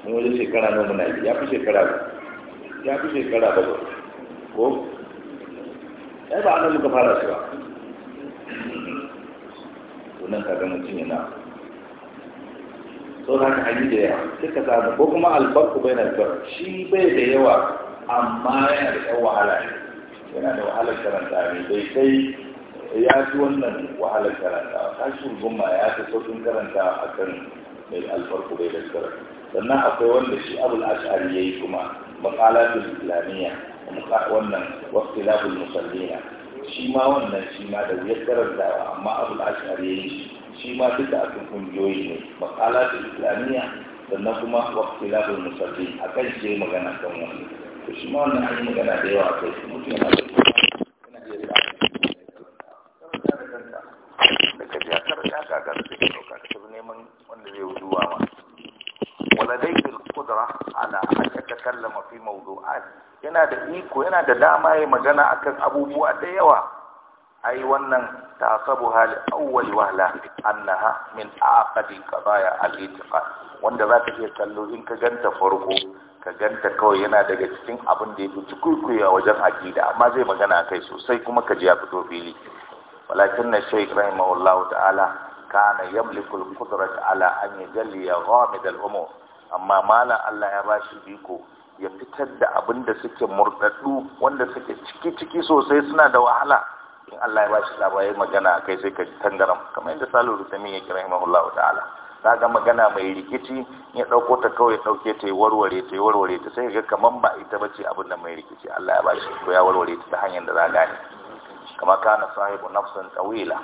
mun wajen shekara na muna ya fi shekara ba. ya fi shekara ba ko ai ba anan muka fara shi ba nan ka ga mutum yana haka hanyar da yawa suka samu ko kuma albarku bai na shi bai da yawa amma yana da ɗan wahala ne yana da wahalar karanta ne dai sai ya fi wannan wahalar karanta shi gumma ya fi sauƙin karanta a kan mai alfarku bai da karanta sannan akwai wanda shi abul ash'ari ya yi kuma maƙalatul islamiyya wannan waqtilabul musallina shi ma wannan shi ma da wuyar karantawa amma abul ash'ari ya yi shi ma duka akan kungiyoyi ne maƙalatul islamiyya sannan kuma waqtilabul musallin akan shi magana kan wannan to shi ma magana da yawa kai mutum yana da yana iya da kanta da ka ya ka tafi neman wanda zai wuduwa ma waladai an yana da iko yana da dama ya magana akan abubuwa da yawa ai wannan tasabuha li awwal wahla annaha min aqdi qadaya al-i'tiqad wanda zaka iya kallo in ka ganta farko ka ganta kawai yana daga cikin abin da ya fi cikurkuya wajen aƙida amma zai magana kai sosai kuma ka ji ya fito fili walakin na shaikh rahimahullahu ta'ala ka na yamli qudrat ala an ya ghamid mai umur amma malam Allah ya bashi biko ya fitar da abin da suke murdaddu wanda suke ciki ciki sosai suna da wahala in Allah ya bashi labarai magana kai sai ka tangaram kamar yadda Salihu rutami ya kira rahimahullahu ta'ala ga magana mai rikici ya ɗauko ta kawai dauke ta warware ta warware ta sai ga kaman ba ita bace abin da mai rikici Allah ya bashi ko ya warware ta ta hanyar da za gane kama kana sahibu nafsan tawila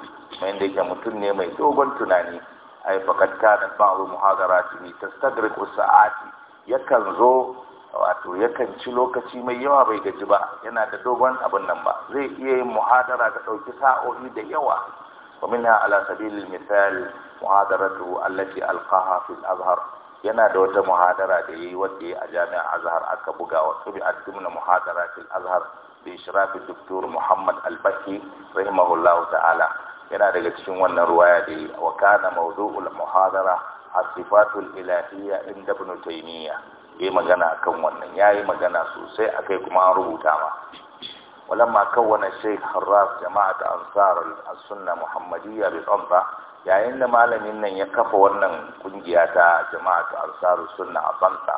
mai inda yake mutum ne mai dogon tunani ai faqad kana ba'u muhadarati tastadriku sa'ati yakan zo wato yakan ci lokaci mai yawa bai gaji ba yana da dogon abin nan ba zai iya yin muhadara ka ɗauki sa'o'i da yawa wa ala sabilin misali muhadaratu allati alqaha fil azhar yana da wata muhadara da yayi wanda yayi a jami'ar azhar aka buga wa tubi addimna fil azhar bi ishrafi doktor muhammad albaki rahimahullahu ta'ala yana daga cikin wannan ruwaya da yayi wa kana mawdu'ul muhadara as-sifatul ilahiyya inda ibn taymiya yayi magana akan wannan yayi magana sosai akai kuma an rubuta ma ولما كون الشيخ حراس جماعة أنصار السنة محمدية بطنطا yayin da malamin nan ya kafa wannan kungiya ta jama'atu ansaru sunna a banta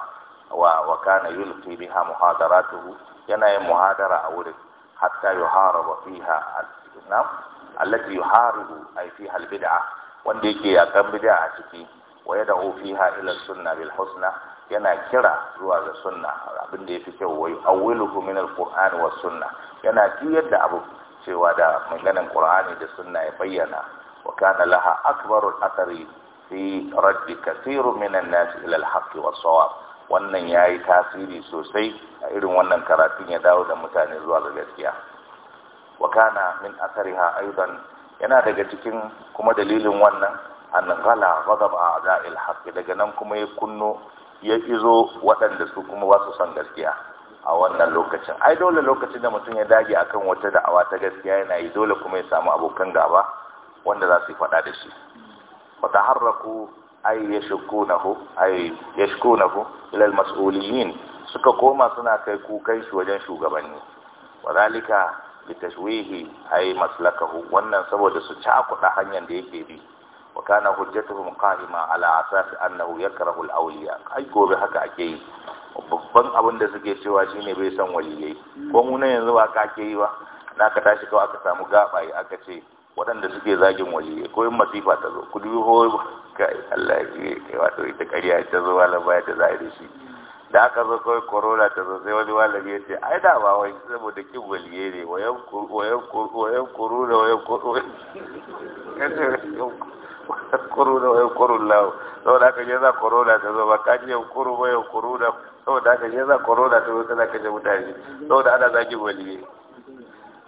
wa wa kana yulqi biha muhadaratuhu yana yin muhadara a wurin hatta yuharaba fiha al-sunnah allati yuharibu ay fiha al-bid'ah wanda yake kan bid'a a ciki wa yad'u fiha ila sunna bil husna yana kira zuwa ga sunna abin da yafi kyau wai awwiluhu min al-qur'an wa sunna yana ji yadda abu cewa da maganan qur'ani da sunna ya bayyana وكان لها أكبر الأثر في رد كثير من الناس إلى الحق والصواب wannan ya yi tasiri sosai a irin wannan karatun ya dawo da mutane zuwa ga gaskiya wakana min asariha aidan yana daga cikin kuma dalilin wannan an gala ghadab a'da'il haqq daga nan kuma ya kunno ya izo waɗanda su kuma ba su san gaskiya a wannan lokacin ai dole lokacin da mutum ya dage akan wata da'awa ta gaskiya yana yi dole kuma ya samu abokan gaba wanda za su yi faɗa da shi wata harraku ai ya shiko na hu ai ya na hu ilal mas'uliyin suka koma suna kai kukai, shi wajen shugabanni wa da bi tashwihi ai maslakahu wannan saboda su cakuɗa hanyar da yake bi wa kana hujjatuhum qa'ima ala asasi annahu yakrahu al-awliya ai gobe haka ake yi babban abin da suke cewa shi ne bai san waliyai ko mu yanzu ba ka ake yi ba na ka tashi kawai aka samu gabaye aka ce waɗanda suke zagin waje ko yin masifa ta zo ku duho kai Allah ya kai wato ita ƙarya ta zo wala baya ta zaire shi da aka zo kawai corona ta zo sai wani malami ya ce ai da ba wai saboda kin waliye ne wayan wayan wayan corona wayan corona wayan corona saboda haka ya za corona ta zo ba ka ji yan kuru wayan corona saboda aka ya za corona ta zo tana kashe mutane saboda ana zagin waliye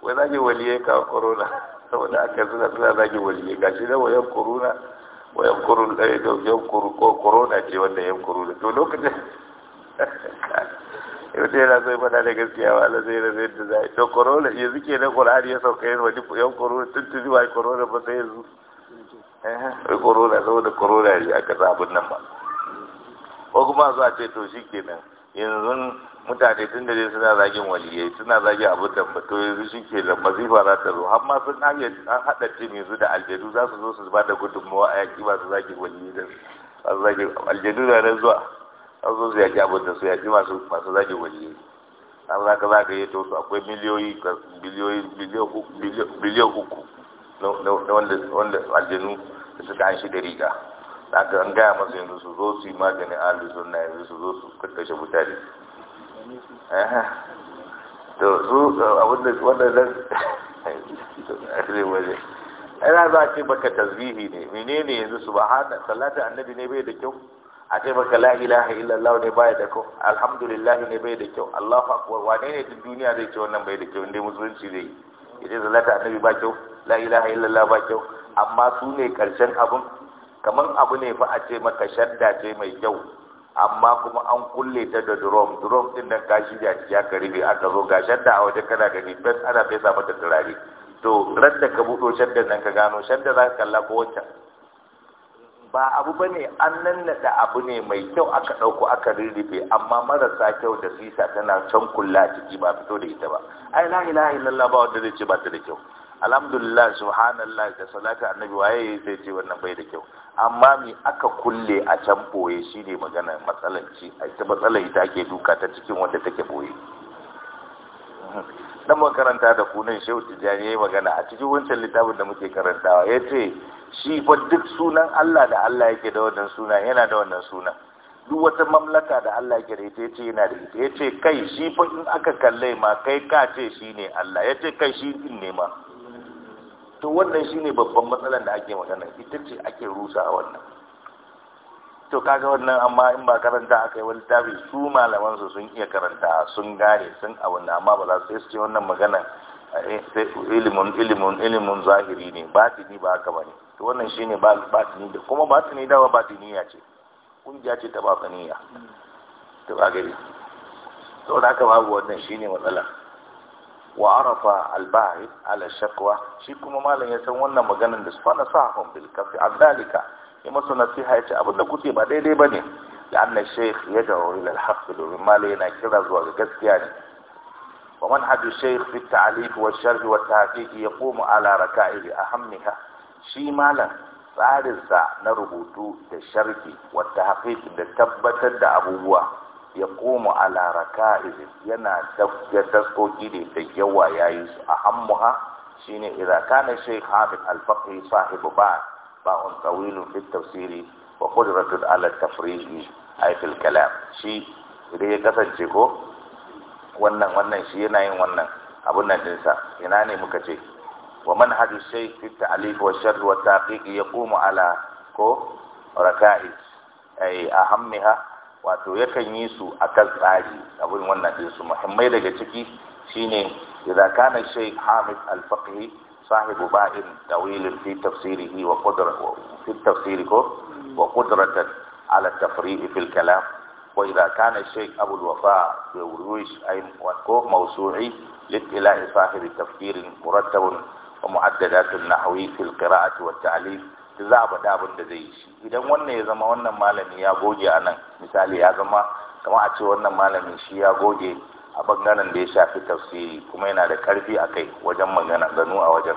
wai zagin waliye ka corona saboda aka suna suna zagi waliyai gashi da wayan kuruna wayan kurun eh, da yan korona ce wanda yan kuruna to lokacin yau yana zai fada da gaskiya ba ala zai zai da zai to korona yanzu ke na Qur'ani ya sauka yin wani yan tun tuntuni wai korona ba sai yanzu eh corona saboda corona ne aka sa nan ba ko kuma zuwa ce to kenan. yanzu mutane tun da dai suna zagin waliyai suna zagin abin da to yanzu shi ke da mazifa za ta zo har ma sun haɗa tim yanzu da aljadu za su zo su ba da gudunmawa a yaƙi masu zagin waliyai da aljadu da nan zuwa an zo su yaƙi abin da su yaƙi masu zagin waliyai an za ka za ka yi to su akwai miliyoyi miliyoyi uku na wanda aljanu da suka an shi da riga aka an gaya masu yanzu su zo su yi maganin ahalus na yanzu su zo su kakashe mutane to su abinda wanda zan ne waje yana za ce baka tasbihi ne menene yanzu subhana salatin annabi ne bai da kyau a ce baka la ilaha illallah ne bai da kyau alhamdulillah ne bai da kyau allahu akbar wane ne duk duniya zai ce wannan bai da kyau inda musulunci zai yi ita salatin annabi ba kyau la ilaha illallah ba kyau amma su ne karshen abun kamar abu ne fa a ce maka shadda ce mai kyau amma kuma an kulle ta da drum drum din nan gashi da ya ka aka zo ga shadda a waje kana gani fes ana fesa mata turare to ranta ka buɗo shaddan nan ka gano shadda za ka kalla ko wacce ba abu ba ne an da abu ne mai kyau aka ɗauko aka rirrife amma marasa kyau da sisa tana can kulla ciki ba fito da ita ba ai la ilaha illallah ba wanda zai ce ba ta da kyau alhamdulillah subhanallah da salatu annabi waye sai ce wannan bai da kyau amma mi aka kulle a can boye shine magana matsalan ci ita matsalar ita ake duka ta cikin wanda take boye dan makaranta da kunan shehu tijani yayi magana a cikin wancan littafin da muke karantawa yace shi fa duk sunan Allah da Allah yake da wannan sunan yana da wannan sunan duk wata mamlaka da Allah ya ita yace yana da ita yace kai shi fa in aka kalle ma kai ka ce shine Allah yace kai shi din ne ma to wannan shine babban matsalan da ake magana ita ce ake rusa a wannan to kaga wannan amma in ba karanta aka yi wani tabi su malaman su sun iya karanta sun gane sun a wannan amma ba za su yi wannan magana eh, ilimin ilimin ilimin zahiri ne batini ba haka bane to wannan shine batini da kuma batini dawa niya ce kungiya ce ta niya, to ba gari to da haka babu wannan shine matsala. وعرف الباعث على الشكوى شيكم ما لن يسوون مجانا فانا صاحهم بالكفي عن ذلك يما سنسيها يتي أبدا كتب أدي لي بني لأن الشيخ يدعو إلى الحق ما لنا كذا زوال كذكياني ومنحج الشيخ في التعليق والشرح والتحقيق يقوم على ركائب أهمها شي مالا فارزا نربط الشرح والتحقيق لتبتد أبوه ya komo ala raka'ihi yana da taskoki da yawa yayi su a shi ne idza kana shaykh Hamid al-Faqih sahibu ba ba'un tawilun fi tafsiri wa qudratun ala tafriqi ay fil kalam shi idan ya kasance ko wannan wannan shi yana yin wannan abun nan dinsa ina ne muka ce wa manhaj shaykh fi ta'lif wa sharh wa ya yaqumu ala ko raka'i ay ahammiha wato yakan yi su akan tsari abin wannan din su muhimmai daga ciki shine idza kana shaykh hamid al-faqih sahibu ba'in tawil fi tafsirihi wa qudratihi fi tafsirihi wa qudratan ala tafri'i fil kalam wa kana abu وإذا كان الشيخ أبو الوفاء بورويش أي sahibi tafkirin murattabun wa mu'addadatun nahwi fil qira'ati القراءة والتعليم shi za a faɗi abin da zai yi shi idan wannan ya zama wannan malami ya goge a nan misali ya zama kama a ce wannan malami shi ya goge a bangaren da ya shafi tafsiri kuma yana da karfi a kai wajen magana ganu a wajen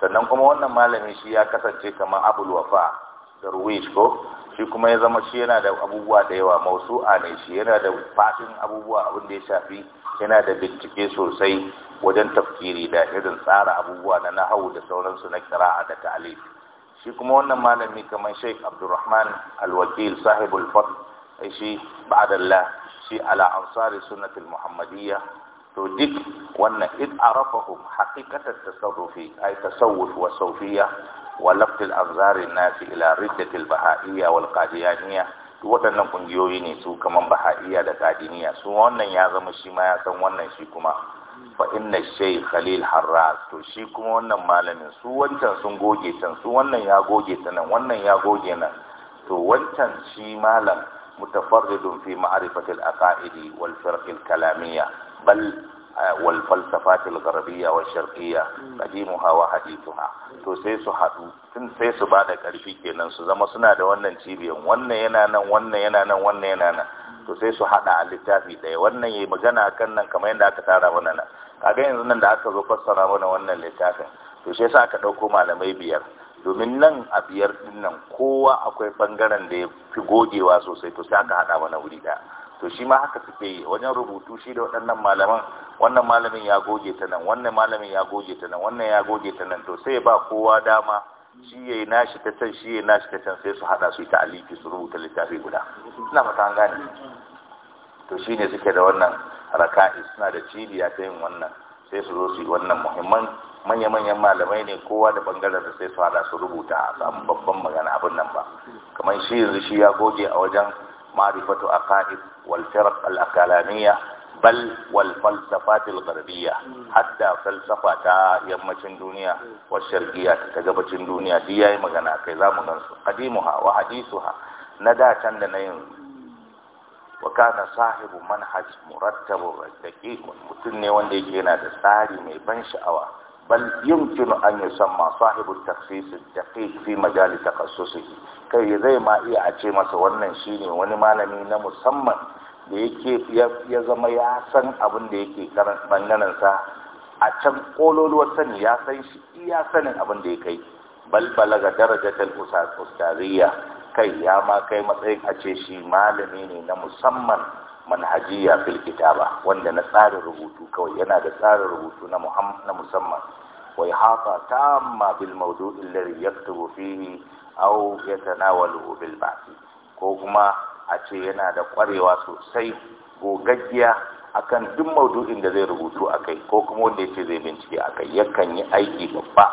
sannan kuma wannan malami shi ya kasance kamar abul wafa da ruwish ko shi kuma ya zama shi yana da abubuwa da yawa a ne shi yana da fatin abubuwa abin da ya shafi yana da bincike sosai wajen tafkiri da irin tsara abubuwa na nahawu da sauransu na kira'a da ta'alif shi kuma wannan malami kamar sheik abdurrahman alwakil sahibul fadl shi ba'adallah shi ala ansari sunnatul muhammadiyya to duk wannan id arafahum haqiqatat tasawufi ay tasawuf wa sawfiyya wa laft al-anzar an ila riddat al-bahaiyya wal qadiyaniyya to waɗannan kungiyoyi ne su kaman bahaiyya da qadiniyya su wannan ya zama shi ma ya san wannan shi kuma fa inna shay khalil harras to shi kuma wannan malamin su wancan sun goge can su wannan ya goge ta nan wannan ya goge nan to wancan shi malam mutafarridun fi ma'rifatil aqaidi wal firq al kalamiyya bal والفلسفات الغربية والشرقية قديمها وحديثها to sai su haɗu tun sai su ba karfi kenan su zama suna da wannan cibiyan wannan yana nan wannan yana nan wannan yana nan to sai su haɗa a littafi ɗaya wannan ya magana kan nan kamar yadda aka tara mana nan kaga yanzu nan da aka zo fassara mana wannan littafin to sai sa aka ɗauko malamai biyar domin nan a biyar ɗinnan kowa akwai ɓangaren da ya fi gogewa sosai to sai aka haɗa mana wuri ɗaya to shi ma haka suke yi wajen rubutu shi da waɗannan malaman wannan malamin ya goge ta nan wannan malamin ya goge ta nan wannan ya goge ta nan to sai ba kowa dama shi yayi nashi ta can shi yayi nashi ta can sai su hada su yi ta'alifi su rubuta littafi guda ina fata an gane to shi ne suke da wannan raka'i suna da cibiya ta yin wannan sai su zo su yi wannan muhimman manya-manyan malamai ne kowa da bangaren da sai su hada su rubuta a samu babban magana abin nan ba kamar shi yanzu shi ya goge a wajen معرفة أقائد والفرق الأكالانية بل والفلسفات الغربية حتى فلسفة تا الدنيا والشرقية تجبتشن الدنيا دي مغنى كذا قديمها وحديثها ندى كان وكان صاحب منهج مرتب ودقيق متن ne wanda yake من da tsari بل يمكن أن يسمى صاحب التخصيص الدقيق في مجال تخصصه kai zai ma iya a ce masa wannan shine wani malami na musamman da yake ya zama ya san abin da yake bangaren sa a can kololuwar sani ya san shi iya sanin abin da ya kai balbala bal balaga darajatul ustaziyya kai ya ma kai matsayin a ce shi malami ne na musamman manhajiya fil kitaba wanda na tsarin rubutu kawai yana da tsarin rubutu na na musamman wai hafa tamma bil mawdu'i alladhi yaktubu fihi aw yatanawalu bil ba'thi ko kuma a ce yana da kwarewa sosai gogaggiya akan duk maudu'in da zai rubutu akai ko kuma wanda yake zai bincike akai yakan yi aiki babba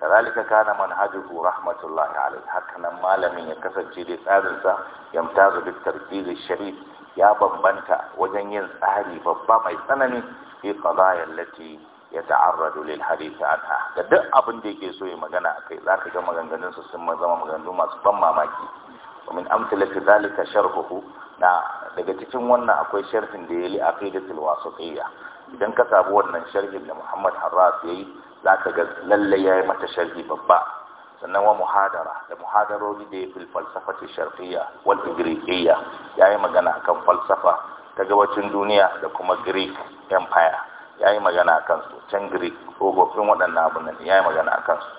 kazalika kana manhajuhu rahmatullahi haka nan malamin ya kasance dai tsarin sa yamtazu bit tarkiz sharif ya bambanta wajen yin tsari babba mai tsanani fi qadaya allati yata'arradu lil hadith anha da duk abin da yake so ya magana akai zaka ga maganganun su sun zama maganganu masu ban mamaki ومن أمثلة ذلك sharhuhu na daga cikin wannan akwai sharhin da ya li aqidatul wasatiyya idan ka sabu wannan sharhin da Muhammad Harras yayi zaka ga lalle yayi mata sharhi babba sannan wa muhadara da muhadarori da ya fil falsafati sharqiyya wal ya yi magana kan falsafa ta gabacin duniya da kuma greek empire yi magana akan su can greek tsofaffin waɗannan abunan yi magana akan su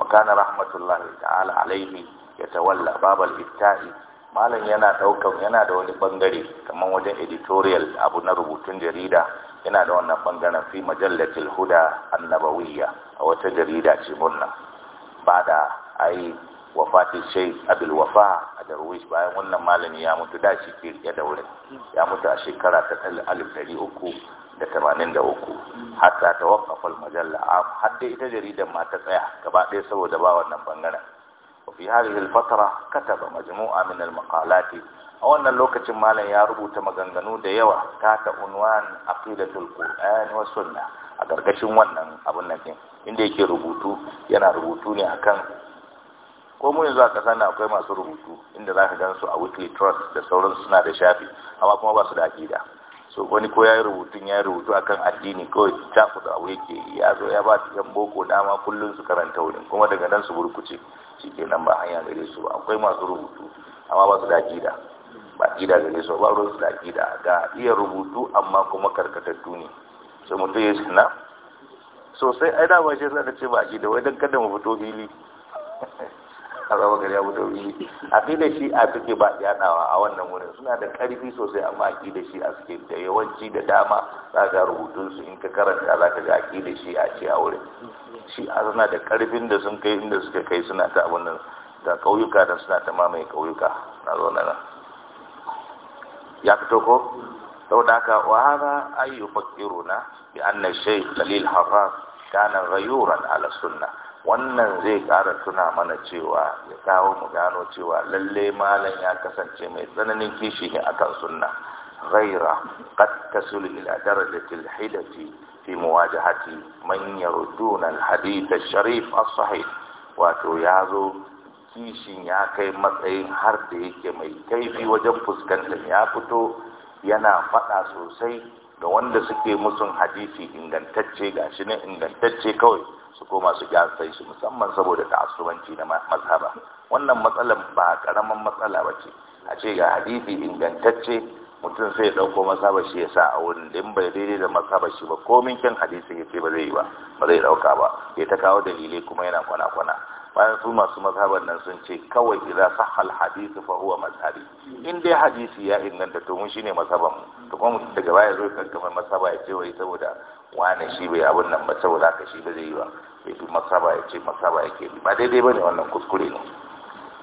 wa rahmatullahi ta'ala alaihi yatawalla babal ibta'i malam yana daukan yana da wani bangare kamar wajen editorial abu na rubutun jarida yana da wannan bangaren fi majallatil huda annabawiyya a wata jarida ce murna fada a yi wafatin shai abilwafa a darwish bayan wannan malami ya mutu da shi ya daure ya mutu a shekara ta 1383 hatta ta wakafal majalla hatta ita jaridan ma ta tsaya gaba ɗaya saboda ba wannan bangaren wafi hadisul fatara kata ba majmu'a min al a wannan lokacin malam ya rubuta maganganu da yawa ta ta unwan aqidatul qur'an wa sunnah a ƙarƙashin wannan abin nan ɗin inda yake rubutu yana rubutu ne akan ko mu yanzu a ƙasar na akwai masu rubutu inda za ka gan su a weekly trust da sauran suna da shafi amma kuma ba su da aƙida so wani ko ya yi rubutun ya yi rubutu akan addini kawai taku da abu yake ya zo ya ba su yan boko dama kullum su karanta wurin kuma daga nan su burkuce shi ke nan ba hanya gare su ba akwai masu rubutu amma ba su da aƙida ba aƙida gare su ba ruwan su da aƙida ga iya rubutu amma kuma karkatattu ne sai mutum ya ce na sosai ai dama shi sa ka ce ba da wai don kada mu fito fili a zama gari ya fito fili aƙida shi a suke ba dawa a wannan wurin suna da ƙarfi sosai amma da shi a suke da yawanci da dama za ga rubutunsu in ka karanta za ka ga aƙida shi a ce a wurin shi a suna da ƙarfin da sun kai inda suka kai suna ta abin nan da ƙauyuka da suna ta mamaye ƙauyuka na zo nan ya fito ko saboda haka wa hada ay yufakkiruna bi anna shaykh Khalil Harras kana ghayuran ala sunna wannan zai ƙara tuna mana cewa ya kawo mu gano cewa lalle malam ya kasance mai tsananin kishi ne akan sunna ghaira qad tasul ila darajati al-hidati fi muwajahati man yarduna al-hadith al-sharif as-sahih wato ya zo kishin ya kai matsayin har da yake mai kaifi wajen fuskantar ya fito yana faɗa sosai ga wanda suke musun hadisi ingantacce ga shi ne ingantacce kawai su koma su sai shi musamman saboda ta'assubanci da mazhaba wannan matsalan ba karaman matsala ba ce a ce ga hadisi ingantacce mutum sai ya ɗauko mazhaba shi ya sa a wurin da bai daidai da mazhaba shi ba komin kyan hadisi ya ce ba zai yi ba ba zai ɗauka ba ya ta kawo dalilai kuma yana kwana-kwana bayan su masu mazhaban nan sun ce kawai idza sahal hadith fa huwa mazhabi in dai hadisi ya inganta to mun shine mazhaban to kuma daga baya zo ka kamar mazhaba ya ce wai saboda wani shi bai abun nan ba saboda ka shi ba zai yi ba bai fi mazhaba ya ce mazhaba yake bi ba daidai bane wannan kuskure ne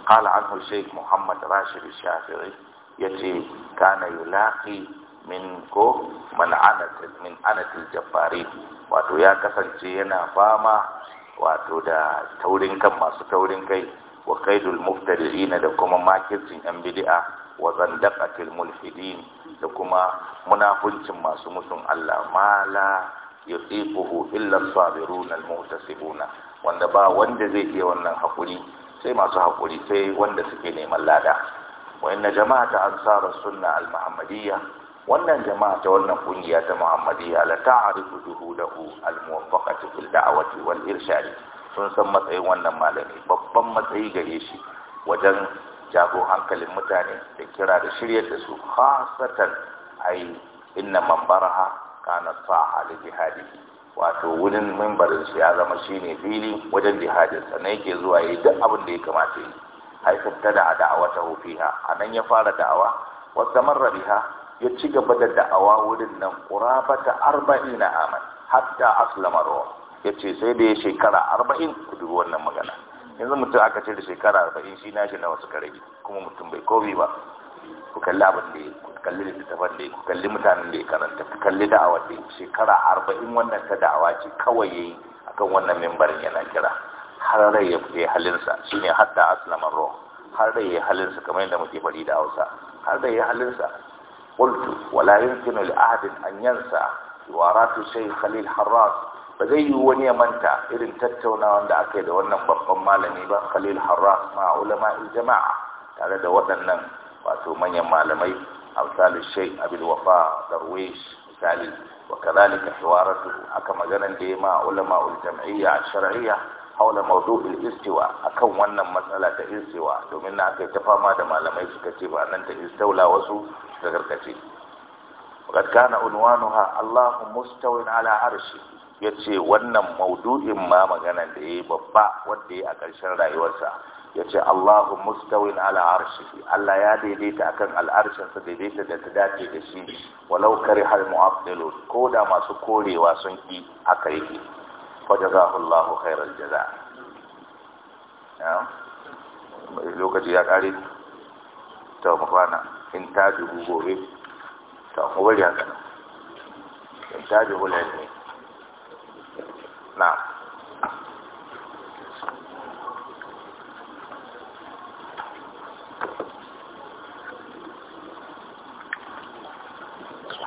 قال عنه الشيخ محمد راشد الشافعي يتي كان يلاقي min ko man anatil min anatil jabbari wato ya kasance yana fama wato da taurin kan masu taurin kai wa kaidul muftari'in da kuma makircin yan bid'a wa zandaqatil mulhidin da kuma munafuncin masu musun Allah mala yusifuhu illa sabirun al-muhtasibuna wanda ba wanda zai iya wannan hakuri sai masu hakuri sai wanda suke neman lada wa inna jama'ata ansar sunna al-muhammadiyya wannan jama'a ta wannan kungiya ta muhammadiyya la ta'rifu zuhudahu al-muwaffaqati fil da'wati wal irshadi sun san matsayin wannan malami babban matsayi gare shi wajen jago hankalin mutane da kira da shiryar da su khasatan ai inna man baraha kana saha li jihadihi wato wurin mimbarin shi ya zama shine fili wajen jihadin sa ne yake zuwa yi duk abin da ya kamata yi haifar da da da'awata a anan ya fara da'awa wasu marra biha ya ci gaba da da'awa wurin nan ƙurabata arba'in na aman hatta aslama ruwa ya ce sai da ya shekara arba'in ku dubi wannan magana yanzu mutum aka ce da shekara arba'in shi nashi na wasu kare kuma mutum bai kobi ba ku kalli abin da ya ku kalli littattafan da ya ku kalli mutanen da ya karanta ku kalli da'awar da ya shekara arba'in wannan ta da'awa ce kawai ya yi akan wannan mimbarin yana kira har rai ya fiye halinsa shine hatta aslama ruwa har rai ya halinsa kamar yadda muke faɗi da hausa har rai ya halinsa قلت ولا يمكن لأحد أن ينسى حوارات الشيخ خليل حراس فزي وني منتا إذن تتونا وندا أكيد وانم بقم مالني با خليل حراس مع علماء الجماعة تعالى دوتنا واتو من يمالمي أمثال الشيخ أبي الوفاء درويش مثالي وكذلك حوارته أكما جنن ديما علماء الجمعية الشرعية haula mawdu'il istiwa akan wannan matsala ta istiwa domin na kai ta fama da malamai suka ce ba nan ta istaula wasu suka karkace kad kana unwanuha Allahu mustawin ala arshi yace wannan maudu'in ma magana da yayi babba wanda yayi a ƙarshen rayuwarsa yace Allahu mustawin ala arshi Allah ya daidaita akan al'arshin sa daidaita da ta dace da shi walau karihal mu'addilun ko da masu korewa sun ki aka yi فجزاه الله خير الجزاء لوكاتي يا قاري تو مكوانا انتاج غوغوي نعم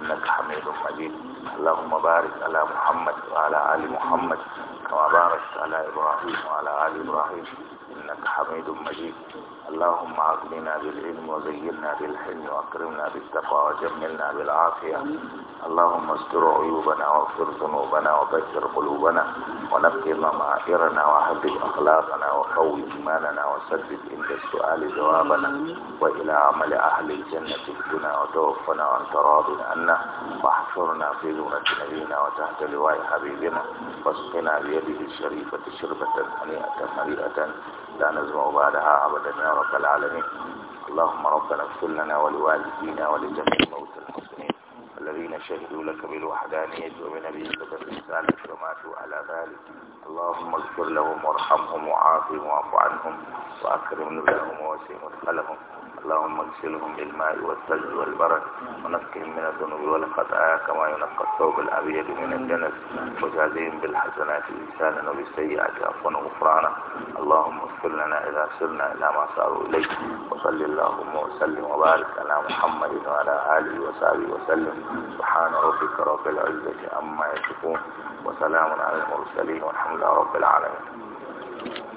إنك حميد مجيد اللهم بارك على محمد وعلى آل محمد كما باركت على إبراهيم وعلى آل إبراهيم إنك حميد مجيد اللهم أغننا بالعلم وزينا بالحلم وأكرمنا بالتقوى وجملنا بالعافية اللهم استر عيوبنا واغفر ذنوبنا وبشر قلوبنا ونبقي معاشرنا وحبب أخلاقنا وقوي إيماننا وسدد عند السؤال جوابنا وإلى عمل أهل الجنة بنا وتوفنا وأن تراض عنا واحشرنا في نورة نبينا وتحت لواء حبيبنا واسقنا بيده الشريفة شربة هنيئة مريئة لا نزمع بعدها أبدا يا رب العالمين اللهم ربنا اغفر لنا ولوالدينا ولجميع الموتى المسلمين الذين شهدوا لك بالوحدانية وبنبيك بالرسالة وماتوا على ذلك اللهم اغفر لهم وارحمهم وعافهم واعف عنهم وأكرم نبلهم ووسيم مدخلهم اللهم اغسلهم بالماء والثلج والبرد ونقهم من الذنوب والخطايا كما ينقى الثوب الابيض من الدنس وجازهم بالحسنات لسانا وبالسيئات عفوا وغفرانا اللهم اغفر لنا اذا سرنا الى ما ساروا اليه وصل اللهم وسلم وبارك على محمد وعلى اله وصحبه وسلم سبحان ربك رب العزه عما يصفون وسلام على المرسلين والحمد لله رب العالمين